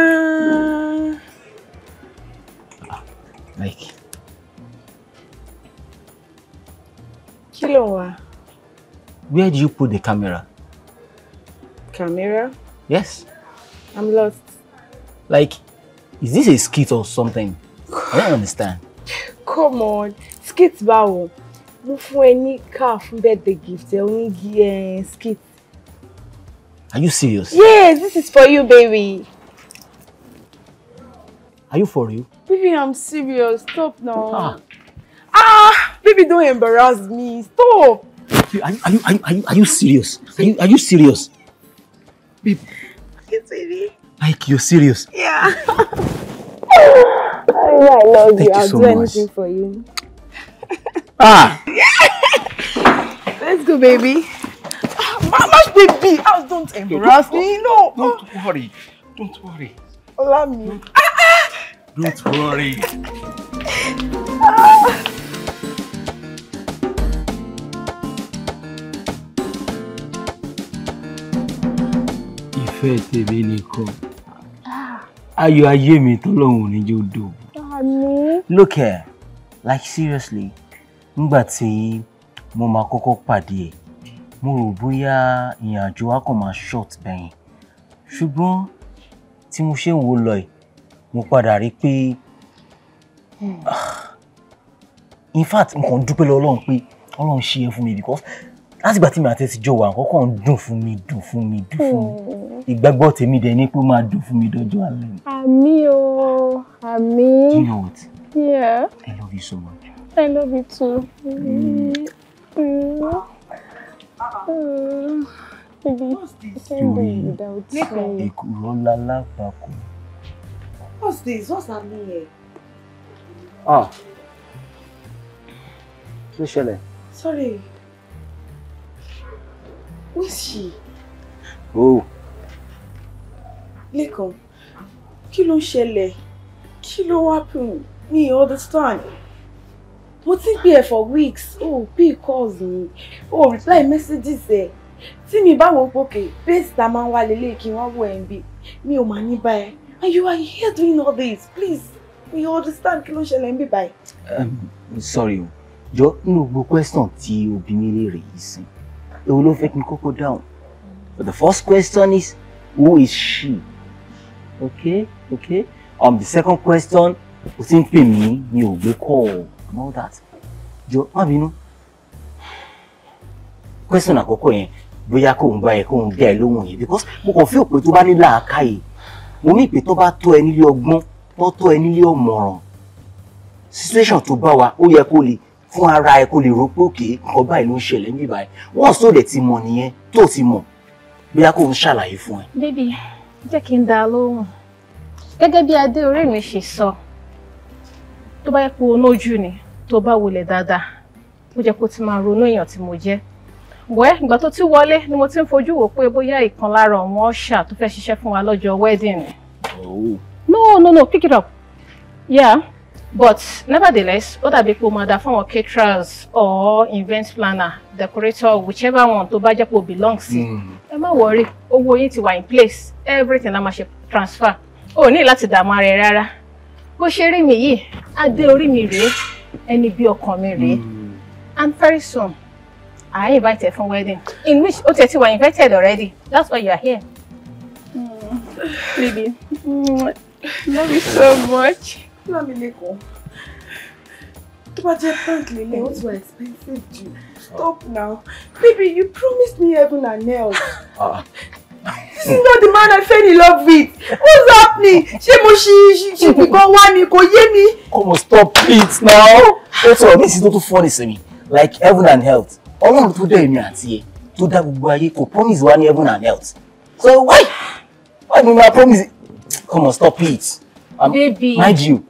like. kí ló wà. Where do you put the camera? Camera? Yes. I'm lost. Like, is this a skit or something? I don't understand. Come on, skit báwo. Mo fún ẹ ní car fún birthday gift, ẹ ń gi skit. Are you serious? Yes, this is for you, baby. Are you for real? Baby, I'm serious. Stop now. Ah, ah baby, don't embarrass me. Stop. Are you, are you, are you, are you, are you serious? Are you, are you serious? Babe. It's baby. Like, you're serious? Yeah. I, I love Thank you. you I'll so do much. anything for you. Ah! Let's go, baby. Mama, baby, I don't embarrass me, no. Don't worry. Don't worry. Love me. Don't worry. Ah. ìfẹ́ tèmi nìkan ayọ̀ ayé mi tọ́lọ́run ò ní jẹ́ odò. look here like seriously nígbà tí mo máa kọ́kọ́ pàdé ẹ̀ mo rò bóyá ìrìn àjò wa kàn máa short bẹ́yìn ṣùgbọ́n tí mo ṣe ń wo lọ ẹ̀ mo padà rí pé hmm. ah, in fact mo kàn dúpẹ́ lọ́wọ́ ọlọ́run pé ọlọ́run ṣe é fún mi because láti ìgbà tí mi àti jọ wà nǹkan kan dùn fún mi dùn fún mi dùn fún mi ìgbàgbọ́ tèmi dẹ̀ ni pé ó máa dùn fún mi dọjọ́ alẹ́ àmì o àmì. do you know what? yeah. I love you so much. I love you too. Mm. Mm. Mm. Mm. Baby, I can't do it without you. What's this? What's that? here? Ah. Kí ṣẹlẹ̀? Sorry. Who oh. is she? Who? Lekan, kí ló ń ṣẹlẹ̀? Kí Me understand. Mo ti ń pè ẹ́ for weeks. Oh, P calls me. Oh, reply messages there. See me bá wo pókè, bẹ́ẹ̀sì ta máa ń wá lélẹ̀ kí wọ́n wọ ẹ̀ ń bì. Mi And you are here doing all this. Please, me understand kí ló ń ṣẹlẹ̀ ń bì báyìí. Um, sorry o, no n question ti obìnrin lè rè yìí They will not kí me, kọ́kọ́ Down. but the first question is who is she okay okay um the second question o ti ń pè mí mi ò gbé call and all that Joe, I bínú question àkọ́kọ́ yẹn bóyá kò ń bá ẹ kò ń dá ẹ lóhùn because we kàn fí òpè tó bá ní làákàyè mo ní ìpè tó bá tó ẹ nílé ọgbọ́n tó tó ẹ nílé situation tó bá wa ó yẹ kó fún ara ẹ kó lè rò pé òkè nǹkan báyìí ló ń ṣẹlẹ̀ ní ìbáyìí wọ́n sọ dẹ̀ ti mọ̀ nìyẹn tó ti mọ̀ bóyá kò ń ṣàlàyé fún ẹ. bébì jẹ́ kí n dá a lóhùn gẹ́gẹ́ bí adé orí mi ṣe sọ tó bá yẹ kó onójú ni tó bá wulẹ̀ dáadáa ó jẹ́ kó ti máa ronú èèyàn tí mo jẹ́ wẹ́ ìgbà tó ti wọlé ni mo ti ń fojú wò pé bóyá ìkan lára àwọn ọ̀ṣà tó fẹ́ ṣiṣẹ́ fún wa lọ́jọ́ wedding. Oh. no no no pick it up yeah but nevertheless ó dàbí pé o da fún àwọn caterers or event planner decorator whichever one to budget will belong to. Hmm. ẹ má worry owó yín ti wà in place everything la máa transfer Oh, need lots of ara ẹ Go bó me, rí mi yìí adé orí mi rèé ẹni bí hmm. and very soon I invited for wedding in which o tẹ̀sí were invited already that's why you are here. Mm. Baby, hmm. love you so much. Lámilékan, tó bá jẹ́ prank lélẹ̀, ó ti wà expensive jù. Stop now. Baby, you promised me heaven and hell. Ah. This is not the man I fell in love with. What's happening? She, she, she ṣì gbìgbọ́n wá ni kò yé mi? Come on, stop it now. Ó sọ̀rọ̀ ní ìsìn tó tún fọ́ọ̀nì sí Like heaven and health. Ọlọ́run tó dẹ̀ èmi àti ẹ̀ tó dá gbogbo ayé kò promise one heaven and health. So why? Why do you not promise? Come on, stop it. I'm, Baby. Mind you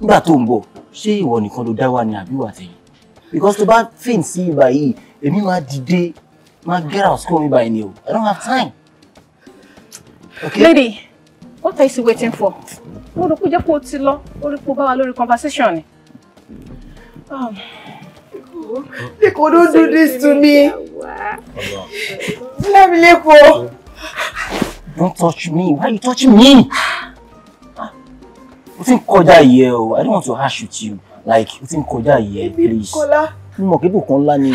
nígbà tó ń bọ̀ ṣé ìwọ nìkan ló dá wà ní àbí tẹ̀yìn because tó bá faint sí ibà yìí èmi máa dìde máa get out kúrò níbà yìí ni o I don't have time. Okay? Lady, what are you waiting for? Mo rò pé jẹ́ kó o ti lọ, ó rí pé o bá wa lórí conversation ni. Um, Leko, don't do this to me. Let me, Leko. Don't touch me. Why are you touching me? o ti ń kọjá yẹ o i don't want to harsh with you like o ti ń kọjá yẹ please mo mọ̀ kébù kan ńlá ni. ó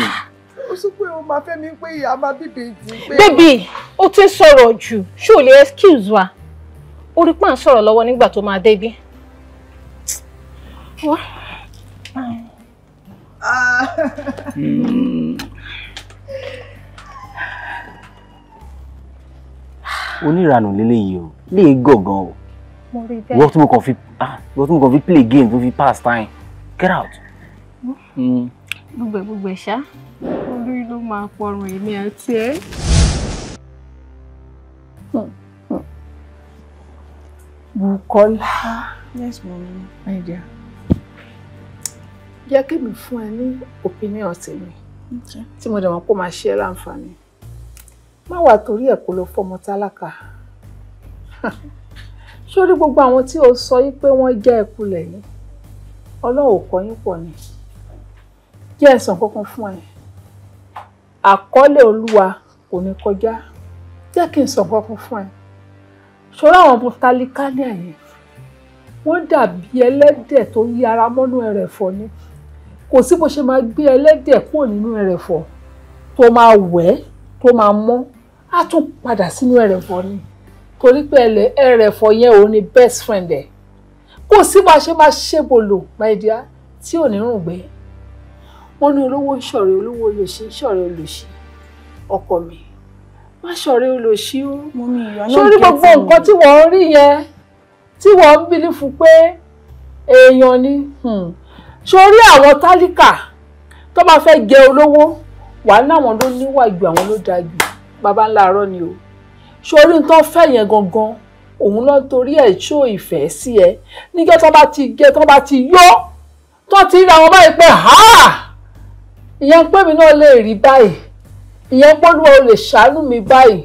sọ pé o máa fẹ́ mi pé ìyá máa bíbè jù. bébì o ti ń sọ̀rọ̀ jù ṣé o lè excuse wa orí pà ń sọ̀rọ̀ lọ́wọ́ nígbà tó máa débí. wá. Ah. oníranù lélẹ́yìí o lè gọ̀ọ̀gàn o wọ́n tún mọ̀ kàn fi ah but mo kàn fi play game We fi pass time get out. Hmm. gbogbo ẹ gbogbo ẹ ṣá olórí ló máa pọrùn èmi àti ẹ. Bukola. yes mami. my dear. jẹ́ kí mi fún ẹ ní opinion tèmi tí mo dẹ̀ mọ̀ pé ó máa ṣe ẹ́ láǹfààní má wàá torí ẹ̀ kó lọ fọmọ tálákà sórí gbogbo àwọn tí o sọ yìí pé wọ́n jẹ́ ẹ̀kulẹ̀ ni ọlọ́wọ́ kọ́ yín pọ̀ ni jẹ́ ẹ̀sán kankan fún ẹ àkọlé olúwa kò ní kọjá jẹ́ kí n sọ kankan fún ẹ sọ́rọ́ àwọn ọmọ tálíkánìà yẹn wọ́n dàbí ẹlẹ́dẹ̀ tó yí ara mọ́nú ẹrẹ̀fọ́ ni kò sí bó ṣe máa gbé ẹlẹ́dẹ̀ kúrò nínú ẹrẹ̀fọ́ tó máa wẹ̀ tó máa mọ́ á tún padà sínú ẹrẹ̀fọ́ ni torí pé ẹrẹ̀fọ̀ yẹn òun ni best friend ẹ̀ kò sí bá a ṣe máa ṣèbòlò my dear tí ò ní rùn gbé wọ́n ní olówó ṣọ̀rẹ́ olówó olòṣì ṣọ̀rẹ́ olòṣì ọkọ mi má ṣọ̀rẹ́ olòṣì o sórí gbogbo nǹkan tí wọ́n ń rí yẹn tí wọ́n ń bínú fún pé èèyàn ni hmm. sórí àwọn tálíkà tó bá fẹ́ jẹ olówó wàá náwọn ló níwà ju àwọn ló dáa jù baba ńlá arọ́ ni o sórí nǹkan fẹ́ yẹn gangan òun ló ń torí ẹ̀ ṣó ìfẹ́ sí ẹ nígbà tó bá ti gé tó bá ti yọ tó ti rí àwọn báyìí pé ha ìyẹn pé mi náà lè rí báyìí ìyẹn pọ́nlúwọ́ ò lè ṣàánú mi báyìí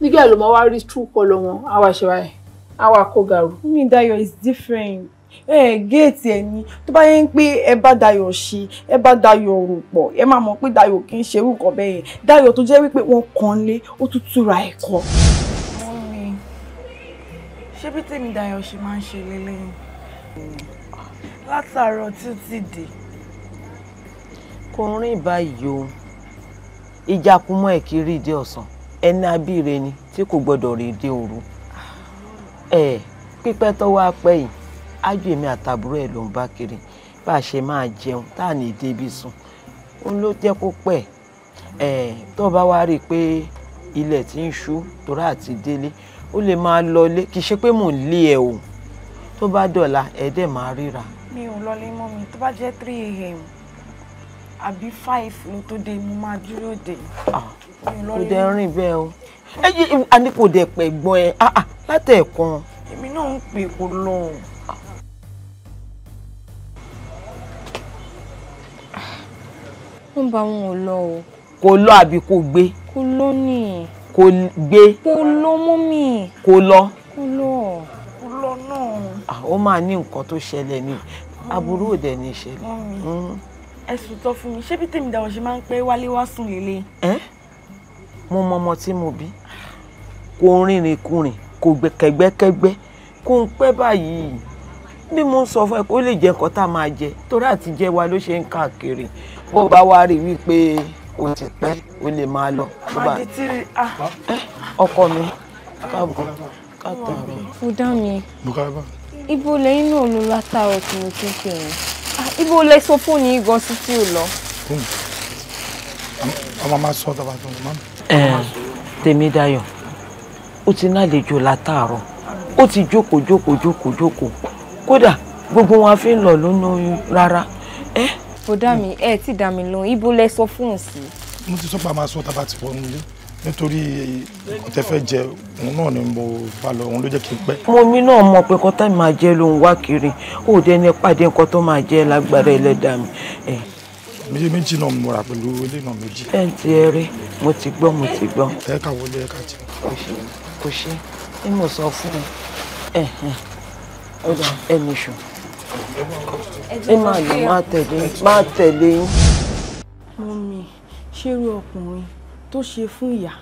nígbà ló máa wá rí true colour wọn àwa ṣe báyìí àwa kó gàrú. mi dayo is different ẹ géètì ẹ ní tó bá yẹn ń pé ẹ bá Dayọ̀ ṣe ẹ bá Dayọ̀ rò pọ̀ ẹ máa mọ̀ pé Dayọ̀ kì í ṣerú nǹkan bẹ́ẹ̀ yẹn Dayọ̀ tó jẹ́ wípé wọ́n kàn lé ó tún túra ẹ̀kọ́ ṣé bí tèmi dayọ̀ ṣe máa ń ṣe lélẹ́yìn látàárọ̀ títí dé. kò rìn báyìí o ìjàkùmọ̀ ẹ̀ kiri ìdí ọ̀sán ẹni abíire ni tí kò gbọ́dọ̀ rí ìdí òru ẹ̀ pípẹ́ tọ́wọ́ apẹ́ yìí ájú èmi àtàbúrò ẹ̀ ló ń bá kiri bá a ṣe máa jẹun tá à ní débi sùn òun ló jẹ́ kó pẹ́ ẹ̀ tó bá wá rí i pé ilẹ̀ ti ń ṣú torá àti délé O lè máa lọlé kì í ṣe pé mò ń lé ẹ o tó bá dọ̀la ẹ dẹ̀ máa ríra. mi ò lọlé mọ́ mi tó bá jẹ́ three a.m. àbí five ló tó dé mo máa dúró dé. Ah, kò dẹ̀ rìn bẹ́ẹ̀ o ẹni kò dẹ̀ pẹ̀ gbọ́n ẹ ah, ah, látẹ̀ẹ̀kan. èmi náà ń pè kó lọ. wọ́n bá wọn ò lọ o. kò lọ àbí kò gbé. kò lọ nìyẹn kó gbé. kó lọ mú mi. kó lọ. kó lọ kó lọ náà. Ah, ó máa ní nǹkan tó ṣẹlẹ̀ ni aburú òde ní ìṣẹ̀lẹ̀. Hmm. ẹ̀sùn tó fún mi ṣé tèmi dàwọn ṣe máa ń pé wálé wá sùn lélẹ̀. ẹ mo mọ ọmọ tí mo bí kò rìnrìn kùnrin kò gbẹkẹgbẹkẹgbẹ kò ń pẹ́ báyìí bí mo ń sọ fún ẹ kó lè jẹ nǹkan tá a máa jẹ torí àtijẹ wa ló ṣe ń káàkiri bó bá wá rí wípé. O ti pẹ́ ó lè máa lọ. Ah. Eh, ọkọ mi káàbọ̀ káàtàrọ̀. fúdà mi ibo lẹ́yìn náà ló látàárọ̀ tí mo ti ń pè yín ah, ibo lẹ sọ fóònù yìí gan sí tí ò lọ. ọmọ máa sọ ọ̀dọ̀ bàtà ọmọ mi. Eh, Tèmídayọ̀ o ti ní àlejò látàárọ̀ ó ti jókòó jókòó jókòó jókòó kódà gbogbo wọn a fi ń lọ lónú rárá ẹ. Eh? bọ̀dá mi ẹ ti dà mí lóhùn ibo lẹ sọ fóun sí. mo ti sọ pé a máa sọ tá a bá ti wọ nílé nítorí ọtẹ fẹ́ jẹ òun náà ni mo bá lọ òun ló jẹ́ kí n pẹ́. ọmọ mi náà mọ̀ pé kọtà máa jẹ ló ń wá kiri ó dé ní pàdé nǹkan tó máa jẹ lágbára ẹlẹ́dàá mi. méjì méjì náà mo rà pẹ̀lú ilé náà méjì. ẹ ń ti ẹ rí mo ti gbọ́ mo ti gbọ́. ẹ ká wọlé ẹ ká jẹ. kò ṣe ni mo sọ fún un ẹ ẹ ẹ nìṣó ẹ máa lò máa tẹ̀lé máa tẹ̀lé yín. mọ́mí ṣerú ọkùnrin tó ṣe fún ìyá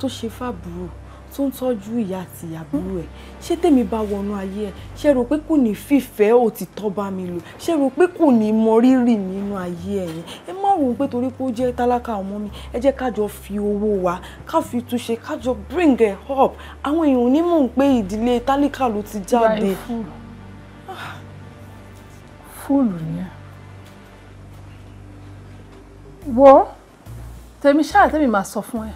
tó ṣe fàbúrò tó ń tọ́jú ìyá àti ìyàbúrò ẹ̀ ṣé tèmi bá wọnú ayé ẹ̀ ṣé rò pé kò ní fìfẹ́ òtítọ́ bá mi lò ṣé rò pé kò ní mọ rírì nínú ayé ẹ̀ yẹn ẹ má rò pé torí pé ó jẹ́ tálákà ọmọ mi ẹ jẹ́ kájọ fi owó wa ká fi túnṣe kájọ bring her up àwọn èèyàn onímọ̀ ń pé ìdílé tálákà ló ti jáde fúlù nìyẹn wo tèmi ṣáà tèmi máa sọ fún ẹ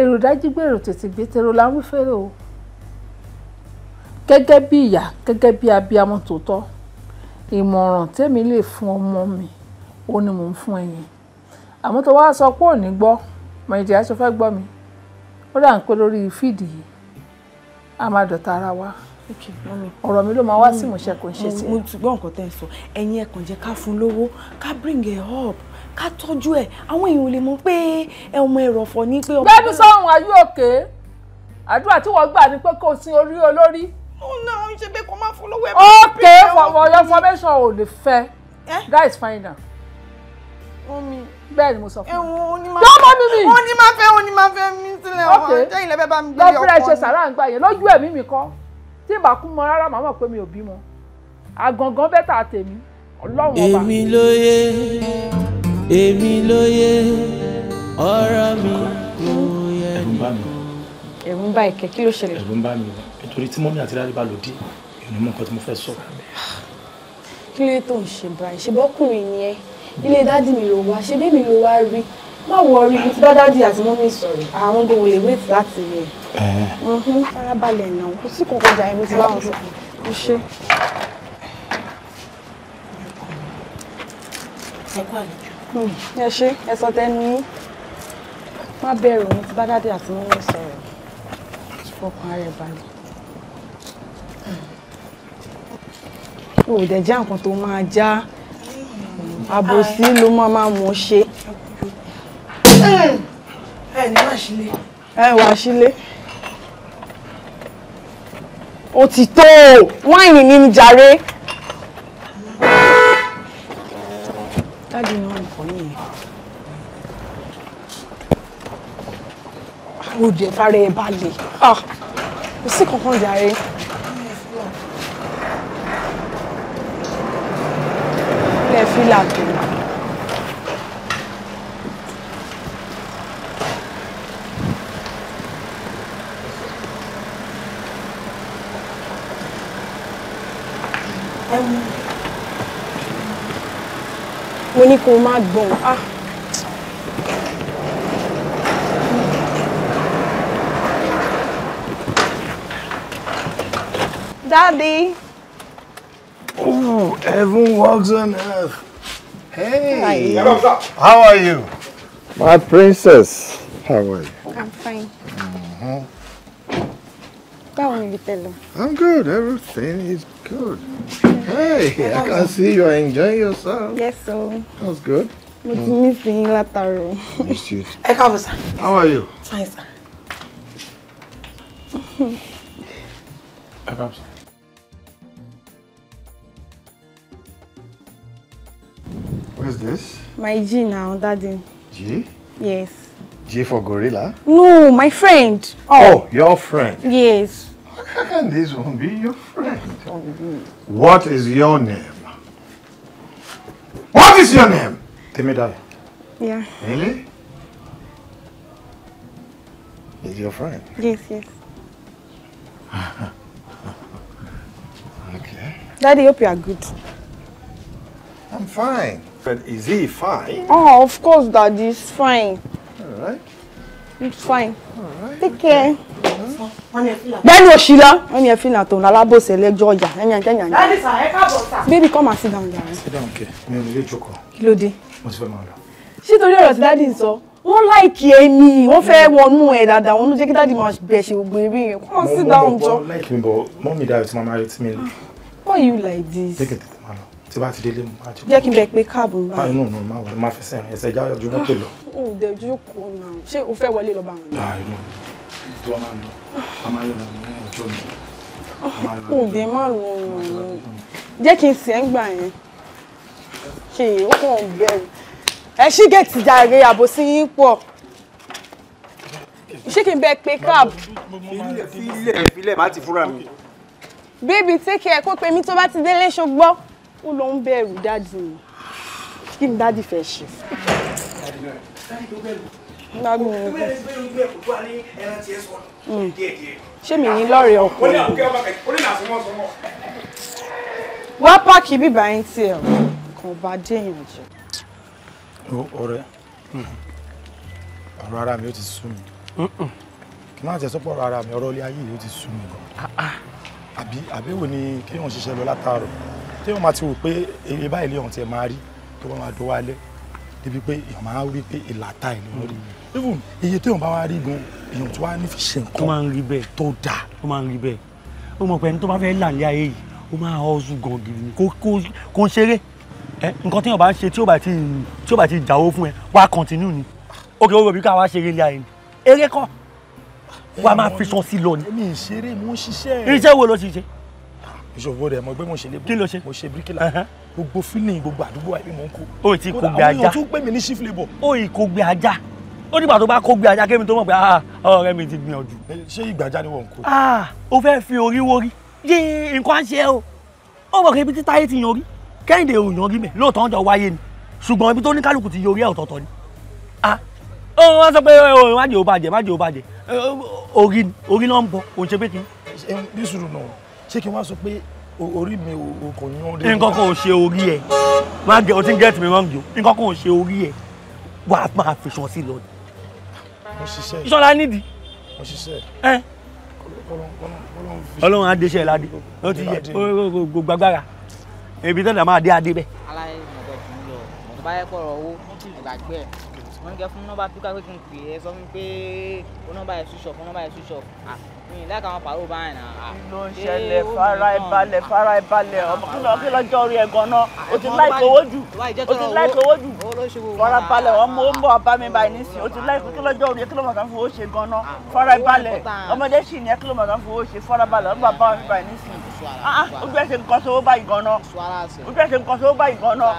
èrò dájú gbèrò tètè gbé tèrò la ń wí fèrè o gẹ́gẹ́ bí ìyá gẹ́gẹ́ bí abiyamọ tòótọ́ ìmọ̀ràn tèmi lè fún ọmọ mi ó ní mò ń fún ẹ̀yin àmọ́ tó wá sọ pé ò ní gbọ́ mọ̀nyìdí aṣọ fẹ́ gbọ́ mi ó dà ń pé lórí fídì yìí a máa dọ̀tá ara wa ọ̀rọ̀ mi ló máa wá sí ìmúṣẹ kò ń ṣe sí. mo ti gbọ́ nǹkan tẹ́ ń sọ ẹ̀yin ẹ̀kàn jẹ́ ká fún lówó ká bring her up ká tọ́jú ẹ̀ àwọn èèyàn ò lè mọ̀ pé ọmọ ẹ̀rọ̀fọ̀ ní pé. gbẹ́bí sọ́run ayé òkè àdúrà tí wọ́n gbà ni pé kò sí orí olórí. ọ̀nà ṣe pé kò máa fún lówó ẹ̀ bá pè é. okay your information ò lè fẹ́ that is fine now. bẹ́ẹ̀ ni mo sọ fún un. lọ́mọ mi mi. ó ní máa fẹ́ ó ní máa fẹ́ mi sílẹ̀ wọn jẹ́ ìlẹ́bẹ̀ bá mi gbé ọkọ mi. lọ́ọ́ fúnra ẹ ṣe sàrà ń gbà yẹn lójú ẹ̀mí mi kọ́ tí ìbá kú mọ rárá màá mọ̀ pé mi ò bímọ àgàngàn bẹ́tà tèmi ọlọ́run ọba. èmi lóye èmi lóye ọ̀rọ̀ mi kò yẹ ní. ẹ̀rù ń bà mí. kí ló ṣẹlẹ̀. ẹ̀rù ń bà mí nítorí tí mọ́mí àti dáadé bá lò dé ìrìn mọ́ nǹkan tí mo fẹ́ sọ. kí ló tó ń ṣe báyìí ṣe bọ́kùnrin ni ẹ ilé dádì mi ló wá ṣe bẹ́ẹ̀ mi ló wá rí má worry. mo ti bá dádì àti sorry, I won't go. lè wait láti rí ẹ. Eh. Mm-hmm. farabalẹ̀ náà kò sí kòkó jà ibi tí báwọn sọ kò ṣe. ẹ ṣe hmm. ẹ sọ tẹnu yín má bẹ̀rù mo ti bá dádì àti mọ́mí sọ̀rọ̀ fọkàn ara ẹ̀ balẹ̀. Hmm. o ò dẹ̀ já nǹkan tó máa já àbòsí ló máa máa mọ̀ ṣe ẹ ní wá sílé. ẹ wá sílé. ó ti tó o wáìnì ní ní jàre. dáàdi ni wọn kọ yìí. àròjẹ fara ẹ balẹ̀ ah, kò sí kankan jàre. ilé fílà tó ní kó má gbọ̀n ah. Daddy. Oh, heaven walks on earth. Hey. How are you? My princess. How are you? I'm fine. Mm-hmm. Báwo ni ibi tẹ́lọ? I'm good. Everything is Good. Hey, I can see you are enjoying yourself. Yes, sir. That's good. Mo ti mm. miss yín látàárọ̀. Miss you. Ẹ káàbọ̀ sir. How are you? Fine, sir. Ẹ káàbọ̀ sir. Where's this? My G now, Daddy. G? Yes. G for gorilla? No, my friend. Oh, oh your friend. Yes. And this won't be your friend. What is your name? What is your name? Temidai. Yeah. Really? Is your friend? Yes, yes. okay. Daddy, hope you are good. I'm fine. But is he fine? Oh, of course, Daddy, he's fine. All right. It's fine. All right. Take okay. care lẹ́nu òṣì lọ wọ́n ní ẹ fìlà tòun alábòsè lẹ́jọ́ ọjà ẹ̀yìn ẹ̀jẹ̀ yàn. dáàdì sà ẹ káàbọ̀ sà. baby come and sit down jàre. sit down kẹ mi ò lè jókòó. kí ló dé. mo ti fẹ́ máa lọ. ṣé torí ọ̀rọ̀ tí dáàdì ń sọ wọ́n láìkì ẹ ní wọ́n fẹ́ wọnú ẹ̀ dáadáa wọ́n ló jẹ́ kí dáàdì máa bẹ̀ gbogbo eré yẹn come and sit down jọ. mo láìkì mi bọ̀ mọ́ mi dáa tí màmá rẹ̀ you like this. jẹ́ kẹ̀tẹ̀ máa lọ tí bá ti délé mo máa jókòó. jẹ́ kí n bẹ pé káàbù ń bá. báyìí nù nù máa wọlé máa fẹsẹ̀ rìn ẹsẹ̀ jáde ojú mọ́tò lọ. ǹjẹ́ ojú kò náà ṣé o fẹ́ wọlé lọ bá tó máa lọ a máa lọ ní ọjọ́ mi. òde má lọ ràn mí jẹ́ kí n sì ẹ́ ń gbà yẹn kì ó kàn bẹ̀rù ẹ ṣí gẹ̀ẹ́tì jàre àbòsí yín pọ̀ ṣé kí n bẹ pé cab. filẹ̀ filẹ̀ má ti fúnra mi. bébì take care kó pe mi tó bá ti délé ṣogbọ́ ó lọ ń bẹ̀rù dáàdì kí ni dáàdì fẹ́ ṣe. dáàdì ló bẹ̀rù ṣé wá páàkì bíbá yín tí ẹ̀ kàn bá déèyàn jẹ. ọ̀rẹ́ hmm. ọ̀rọ̀ ara mi ó ti sú mi kí máa tẹ̀sọ́ pọ̀ ọ̀rọ̀ ara mi ọ̀rọ̀ ilé ayé yìí ó ti sú mi gan ah, ah. àbí àbẹ̀wò ni kéèyàn ṣiṣẹ́ lọ látàárọ̀ téèyàn máa ti wò pé èrè báyìí lè hàn tiẹ̀ máa rí tó bá máa dọ́wọ́ débi pé èèyàn máa rí pé ìlàta ìlú lórí mi even iye tó yàn bá wá rí gan èèyàn tó wá ní fi ṣe nǹkan tó máa ń rí bẹ́ẹ̀ tó dáa tó máa ń rí bẹ́ẹ̀ ó mọ̀ pé ẹni tó bá fẹ́ là ní ayé yìí ó máa ọ̀sùn gan gidi ni kò ń ṣeré nǹkan tí yàn bá ń ṣe tí ó bá ti jáwó fún ẹ wá continue ni ó ó rẹ̀ bí ká wá ṣeré ilé ayé ni eré kọ́ wàá máa fi sàn sí lọ ni. èmi ìṣeré mo ṣiṣẹ́. iṣẹ́ wo ló ti ṣe ìṣòwò rẹ mọ ẹgbẹ mo ṣe lébù kí ló ṣe mo ṣe bíríkìlà gbogbo fílìn gbogbo àdúgbò àìbí mo ń kó. o ì ti kó gbé ajá o tún pè mí gbé ajá ó nígbà tó bá kó gbé ajá kémi tó mọ̀ pé ah, ọ̀rẹ́ mi ti gbìyànjú. ṣé ìgbàjá ni wọ́n ń kó. ó ah, fẹ́ fi orí wórí yé nǹkan ṣe o ó mọ̀ pé ibi tí táyé ti yan orí kẹ́hìndé ò yan orí mẹ́ lóòótọ́ ọjọ́ wáyé ni ṣùgbọ́n ibi tó ní kálukú ti yan orí ẹ̀ ọ̀tọ̀ọ̀tọ̀ ni. Ah, ó wọ́n sọ pé oh, má jẹ́ ó bàjẹ́ má jẹ́ ó bàjẹ́ eh, orí ni orí náà ń bọ̀ kò ń ṣe pé kí. bí sùúrù náà ṣé kí wọ́n sọ pé orí mi ò kò yan orí. nǹkan kan ò ṣe orí ẹ̀ má gẹ ọtí gẹ́ẹ̀tì mi wọ́n ń jò nǹkan kan ò ṣe orí ẹ̀ wà á máa fèsì sí lọ́dún ìṣọ́ra nídìí. ọlọ́run á déṣẹ́ ládé ó ti yẹ gbogbo agbára ibi tó dà máa dé adé bẹ́ẹ̀. aláìmọ̀ bẹ́ẹ̀ kì í lọ mọ̀ tó bá yẹ kọ̀rọ̀ owó ìgbàgbé ẹ̀ wọ́n kẹ́ fún nọ́mbà túká pé kí n pè é sọ fún mi pé ó nọ́mbà yẹn switch off ó nọ́mbà yẹn switch off à ah, mi ì láìka àwọn pàrọ̀ báyìí nà. Ah, kí ló ń ṣẹlẹ̀ fara ẹ balẹ̀ ah, an o ti láìkè owó jù o ti láìkè owó jù fara balẹ̀ ọmọ ó ń bọ̀ bá mi báyìí nísìnyí o ti láìkè kí lọ́jọ́ orí ẹ̀ kí ló mọ̀ kàn fowó ṣe gan-an fara balẹ̀ ọmọdé sì ní ẹ̀ kí ló mọ̀ kàn ojú ẹ̀ ṣe ń kọ́ sówó báyìí gan-an ojú ẹ̀ ṣe ń kọ́ sówó báyìí gan-an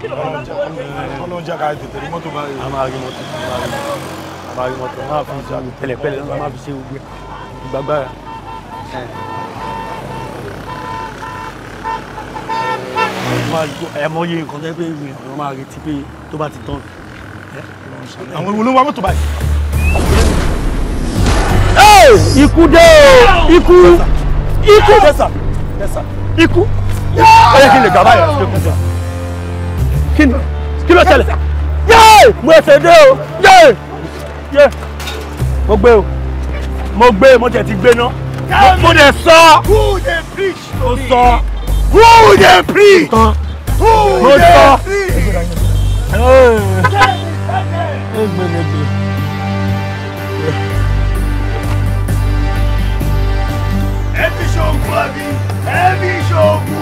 kí ló kọ́ sówó báyìí. ọlọ́run jẹ́ ká tètè rí mọ́tò báyìí. a máa rí mọ́tò a máa rí mọ́tò a máa fi ṣe àgbẹ̀ pẹ̀lẹ́pẹ̀lẹ́ a máa fi ṣe gbogbo ìgbàgbára. ẹ mọ ikú. ikú. ó yẹ kí n lè gbà báyọ̀ sí ikú sá. kí ni kí ló ṣẹlẹ̀. yéè mo ẹsẹ̀ dé o yéè yéè mo gbé o mo gbé mo tẹ̀ ti gbé ná mo dẹ̀ sọ. who dey preach to me. sọ. who dey preach. who dey preach. mo sọ. ṣògùn àbí ẹ fi ṣògùn.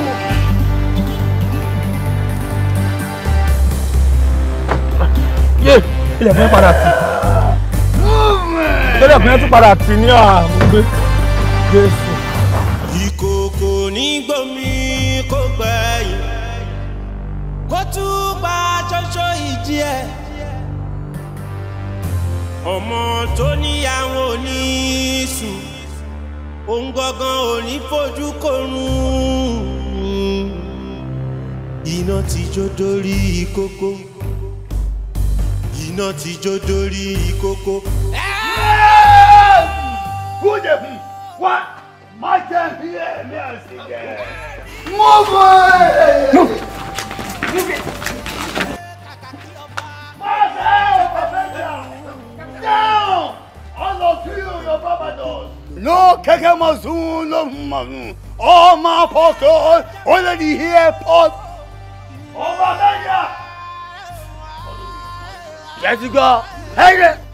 yé ilẹ̀ fún padà tì ilẹ̀ fún tún padà tì ní àmúgbé jésù. ìkòkò ní gbòmí kò gbẹ̀yìn òun gangan ò ní fojú korun iná ti jó dórí ìkókó iná ti jó dórí ìkókó. gúdẹ̀ bí wá má jẹ́ bí ẹ̀mí àti jẹ́. mo mọ̀ ẹ́. Down! No kekemazun lomazun. Oma oh, posto ola di here pot. Oma daya. Let's go. Hey there.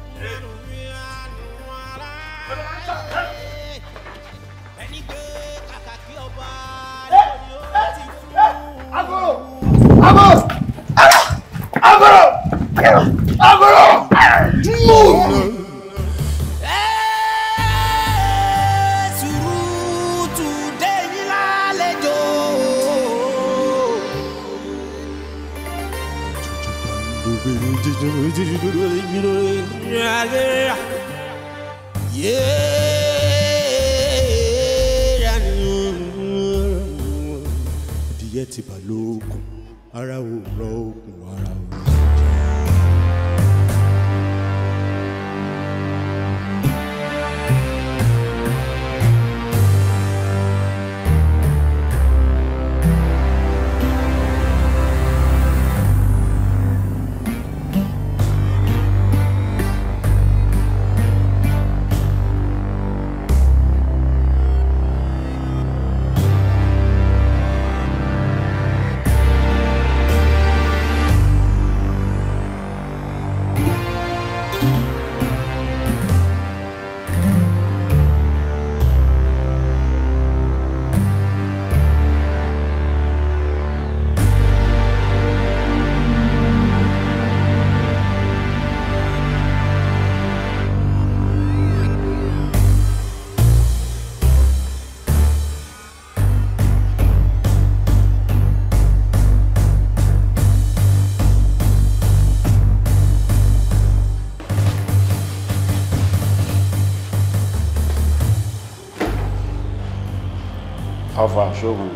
ṣóògùn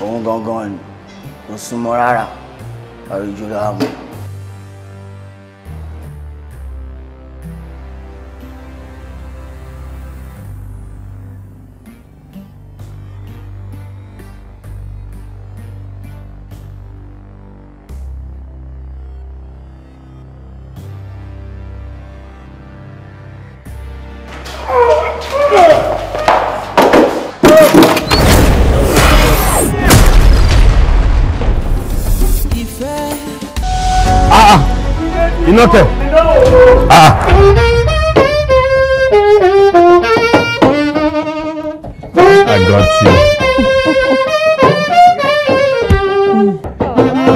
òun gangan ni kò súnmọ́ rárá àrùjọ làwọn.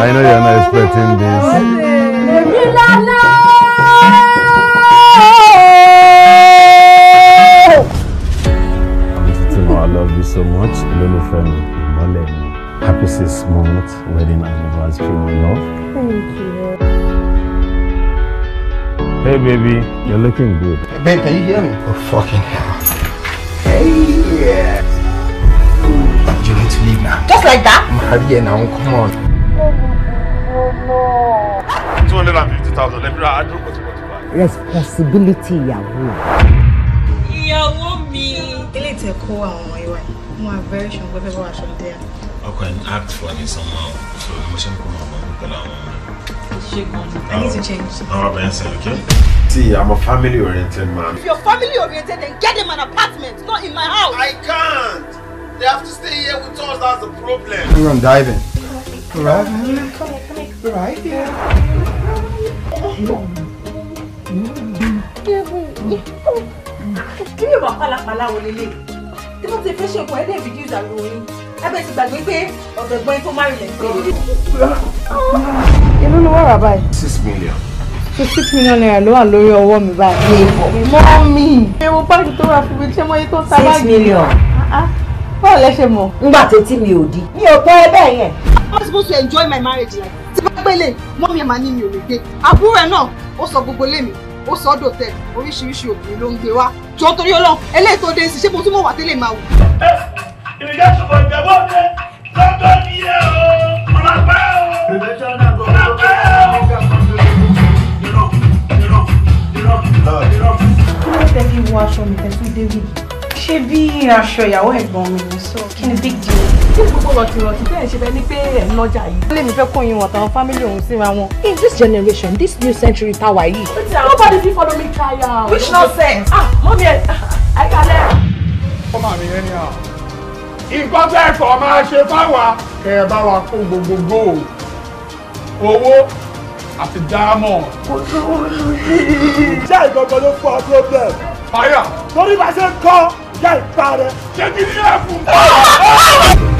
I know you're not expecting this. I love you so much. Olólùfẹ́ mi, ìmọ́lẹ̀ Happy six month wedding anniversary, my love. Thank you. Hey, baby, you're looking good. Hey, babe, can you hear me? Oh, fucking hell. Hey, yeah. you need to leave now. Just like that? I'm happy now. Come on. hundred and fifty thousand lẹ́bí ra àdúró pọ̀tipọ̀tipa. responsibility ìyàwó. ìyàwó mi. ilé ìtẹ̀kọ́ àwọn ọmọ ìwà yìí wọn are very sure pé bẹ́ẹ̀ bá wà sọ dé à. ọkọ ẹ̀ ń somehow so mo ṣe ń kó wọn wọn pẹ̀lú àwọn I need to change. àwọn ọmọ yẹn okay. See, I'm a family oriented man. If you're family oriented, then get him an apartment, not in my house. I can't. They have to stay here with us, that's the problem. We're on diving. We're right here. We're right here kí ni ìwà pálapàla wo lélẹ̀ six million fifty six million naira ló wà lórí ọwọ́ mi báyìí. mọ́ mi. ewu báàgì tó wà fún mi ṣé mo yí tó ń ta six million. báwo lẹ ṣe mọ̀. ngbà tó tí mi ò di. mi ò tọ́ ẹ bẹ́ẹ̀ I'm supposed to enjoy my marriage like pẹ̀lẹ́ mọ́ mi máa ní mi ò lè gbé àbúrò ẹ̀ náà ó sọ gbogbo lémi ó sọ ọ́dọ̀ tẹ oríṣiríṣi obìnrin ló ń gbé wá jọ torí ọlọ́run eléyìí tó dé sí ṣé mo tún mọ̀ wá tẹ́lẹ̀ máa wù. ìrìnà ṣùgbọ́n ìjẹ́wọ́ rẹ lọ́dọ̀ ni ẹ o ọ̀nà pẹ́ o ọ̀nà pẹ́ o. kí ló fẹ́ kí n wọ aṣọ mi tẹ́tú david ṣé bí aṣọ ìyàwó ẹ̀gbọ́n mi ni so kí ni big deal. tí gbogbo rọ̀tìrọ̀tì bẹ́ẹ̀ ṣe bẹ́ẹ̀ ni pé ẹ̀ ń lọ́jà yìí. wọ́n lè mi fẹ́ kó yín wọn àtàwọn fámílì òun síra wọn. in this generation this new century power yìí. nobody fit follow me try out. Ah. which nonsense. ah mọ́mí ẹ̀ àyíkalẹ̀. Ah, ọmọ mi yẹn ni à nǹkan bẹ́ẹ̀ kọ́ máa ṣe fáwa kẹ́ ẹ bá wa kó gbogbogbò owó àti diamond. ṣé ìgbọ̀ngàn ló fọ́ problem. fire. torí bá ṣe ń kọ́ jẹ́ ìparẹ́ ṣé kí ni yóò fún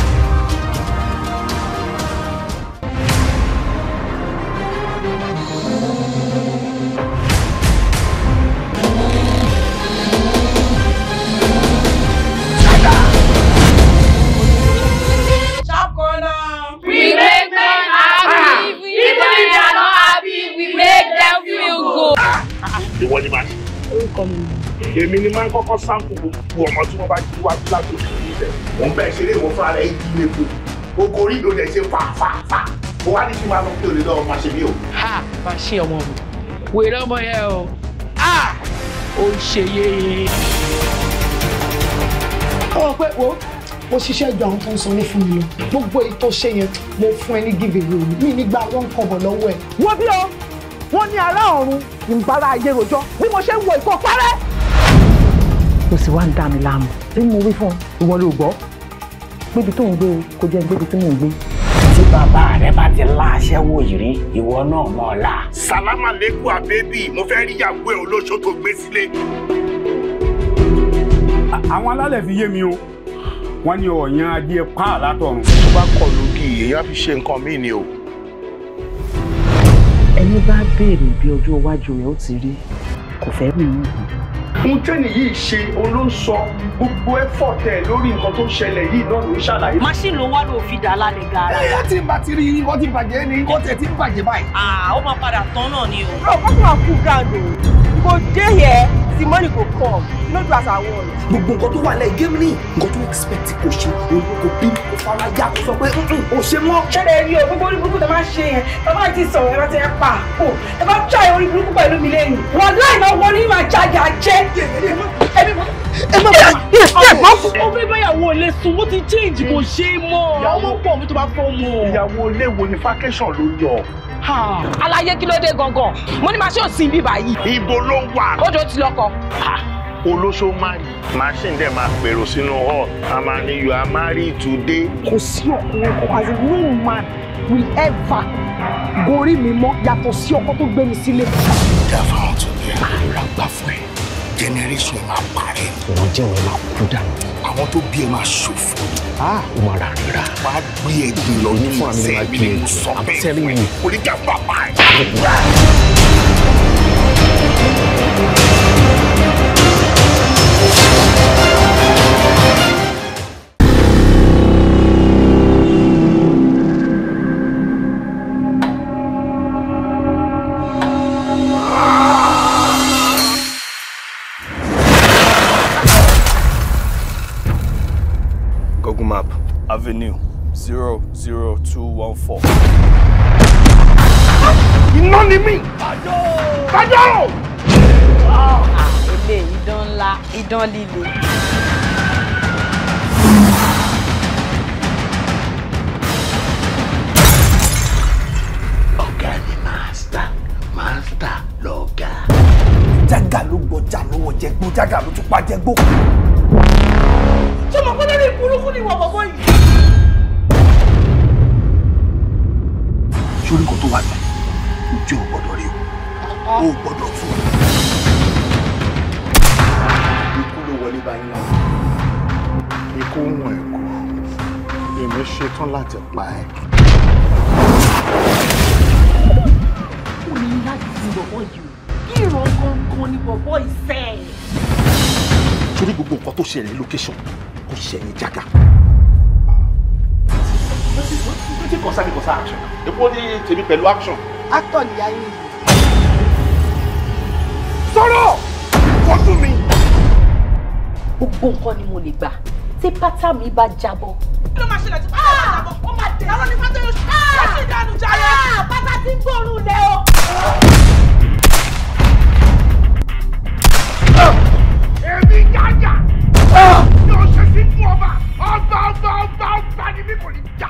èmi ni máa ń kọ́kọ́ sáǹpù gbogbo ọmọ tí wọ́n bá jí wájú láti òkè nílẹ̀. mo ń bẹ́ẹ̀ ṣeré ìwọ̀n fún ara ẹ̀ yí lẹ́kọ̀ọ́ gbogbo orí ìdó ṣe fàfàfà mo wá ní kí n máa lọ pé òde lọ́wọ́ máa ṣe mí o. ha máa ṣe ọmọ mi wèrè ọmọ yẹn o ah ó ń ṣe yéye. ó pé wo mo ṣiṣẹ́ ju àwọn tó ń sanwó fún mi lọ gbogbo èyí tó ṣe yẹn mo fún ẹ ní give away mi nígbà wọn kọ bọ̀ lọ́wọ́ ẹ̀. wọ́n bí o wọ́n ní ará ọ̀run ìbára ayé rojọ́ bí mo ṣe ń wo ìkọ́ parẹ́ mo sì wá ń dá mi láàmú bí mo wí fún ọ ìwọ ló gbọ́ gbébi tó ń gbé kó jẹ́ gbébi tó mò ń gbé. tí bàbá rẹ bá ti la aṣẹ́wó yìí rí ìwọ náà mọ̀ ọ́ la. sàlámà lẹ́kùn àbẹ́bí mo fẹ́ rí ìyàwó ẹ̀ olóṣó tó gbé sílé. àwọn alálẹ̀ fi yé mi o wọ́n ní ọ̀yàn adìẹ pa látọ̀run. tó bá kọ lókì èèyàn fi ṣe nǹkan míì ni o. ẹni bá béèrè bí ọjọ́ iwájú rẹ̀ ó ti rí kò fẹ́ mìíràn ohun tẹ́ni yìí ṣe olóńsọ gbogbo ẹ̀fọ́ tẹ̀ lórí nǹkan tó ṣẹlẹ̀ yìí náà ló ń ṣàlàyé. machine ló wá ló fi dà lálẹ́ gara. ẹ ẹ tí n bá ti rí yín ti bàjẹ́ ni wọ́n tẹ̀ ti ń bàjẹ́ báyìí. àà ah, ó máa padà tán náà ni o. ọ̀pọ̀ tó máa kú gáàdùn dé yẹ the money go come no do as i want. gbogbo nǹkan tó wà lẹ́yìn géèmù ní nǹkan tó expect kò ṣe òun kò bí kò fara ya kò sọ pé ò ṣe mọ́. ṣẹlẹ̀ rí o gbogbo orí burúkú tó máa ń ṣe yẹn tó bá ti sọ̀rọ̀ ẹ bá ti ẹ pa o ẹ bá try orí burúkú pẹ̀lú mi lẹ́yìn wọn láì náà wọlé máa jáde àjẹ́ ẹbí mo. ẹ má bá yẹ ẹ má fún. ọbẹ̀ báyàwó ilé sùn wọ́n ti change kò ṣe é mọ́ ọmọ pọ̀ mi tó bá fọ́ mọ́. ìyàwó ilé wo ni vacation ló lọ. aláyé kí ló dé gangan mo ní màá ṣe òsín bíbá yìí. ibo ló wà. ó jọ ti lọkọ olóṣó mari machine dẹ̀ máa pèrò sínú hall a máa ní you are married today. kò sí ọkùnrin kan as in no man will ever gorí mi mọ́ yàtọ̀ sí ọkọ tó gbé mi sílé. dáfà ọ̀tún ni àárọ̀ àgbà fún ẹ generation ẹ máa parẹ́. ìwọ jẹ́ wọn máa kú dànù. àwọn tó bí ẹ máa ṣòfò. a ó máa rà wàá gbé ẹgbẹ́ lọ ní ìfẹ́ mi ni sọ bẹ́ẹ̀ fún ẹ oníjà bàbá ẹ. map. Avenue 00214. Iná ni mí! Bàjọ́! Bàjọ́! Ah, ilé idán ńlá, idán líle. Don't ni mástà, mástà lọ̀gá. Jágà ló gbọ́jà lọ́wọ́ jẹgbó, jágà ló tún pa jẹgbó. Ṣé mo gbọ́dọ̀? burúkú ni ìwà bọ̀bọ̀ yìí. sórí kò tó wà ní ojú ò gbọ́dọ̀ rí o ò gbọ́dọ̀ tú o. ikú ló wọlé báyìí náà. ikú ń wọ̀n ẹ̀kọ́ èmi ṣetán láti pa ẹ́. ó ní láti fi bọ̀bọ̀ yìí o kí ìran gangan ni bọ̀bọ̀ ìfẹ́. torí gbogbo nǹkan tó ṣẹlẹ̀ lókẹ́sọ̀n kò ṣẹ̀yìn jágà. wetin concern me concern action èpo ní tèmi pẹ̀lú action. actor ni ayé yìí. sọ̀rọ̀ fojú mi. gbogbo nǹkan ni mo lè gbà tí pátá mi bá jábọ́. kí ló máa ṣẹlẹ̀ tí pátá bá jábọ́ ah! ó máa dé lọ́rọ́ ní pátá yóò ṣe é ah! sí ìdánù jáde. Ah! pátá ti ń gbóòórùn lẹ o. èmi jájà gbọ́ngbọ́ngbá ni mi kò ní jà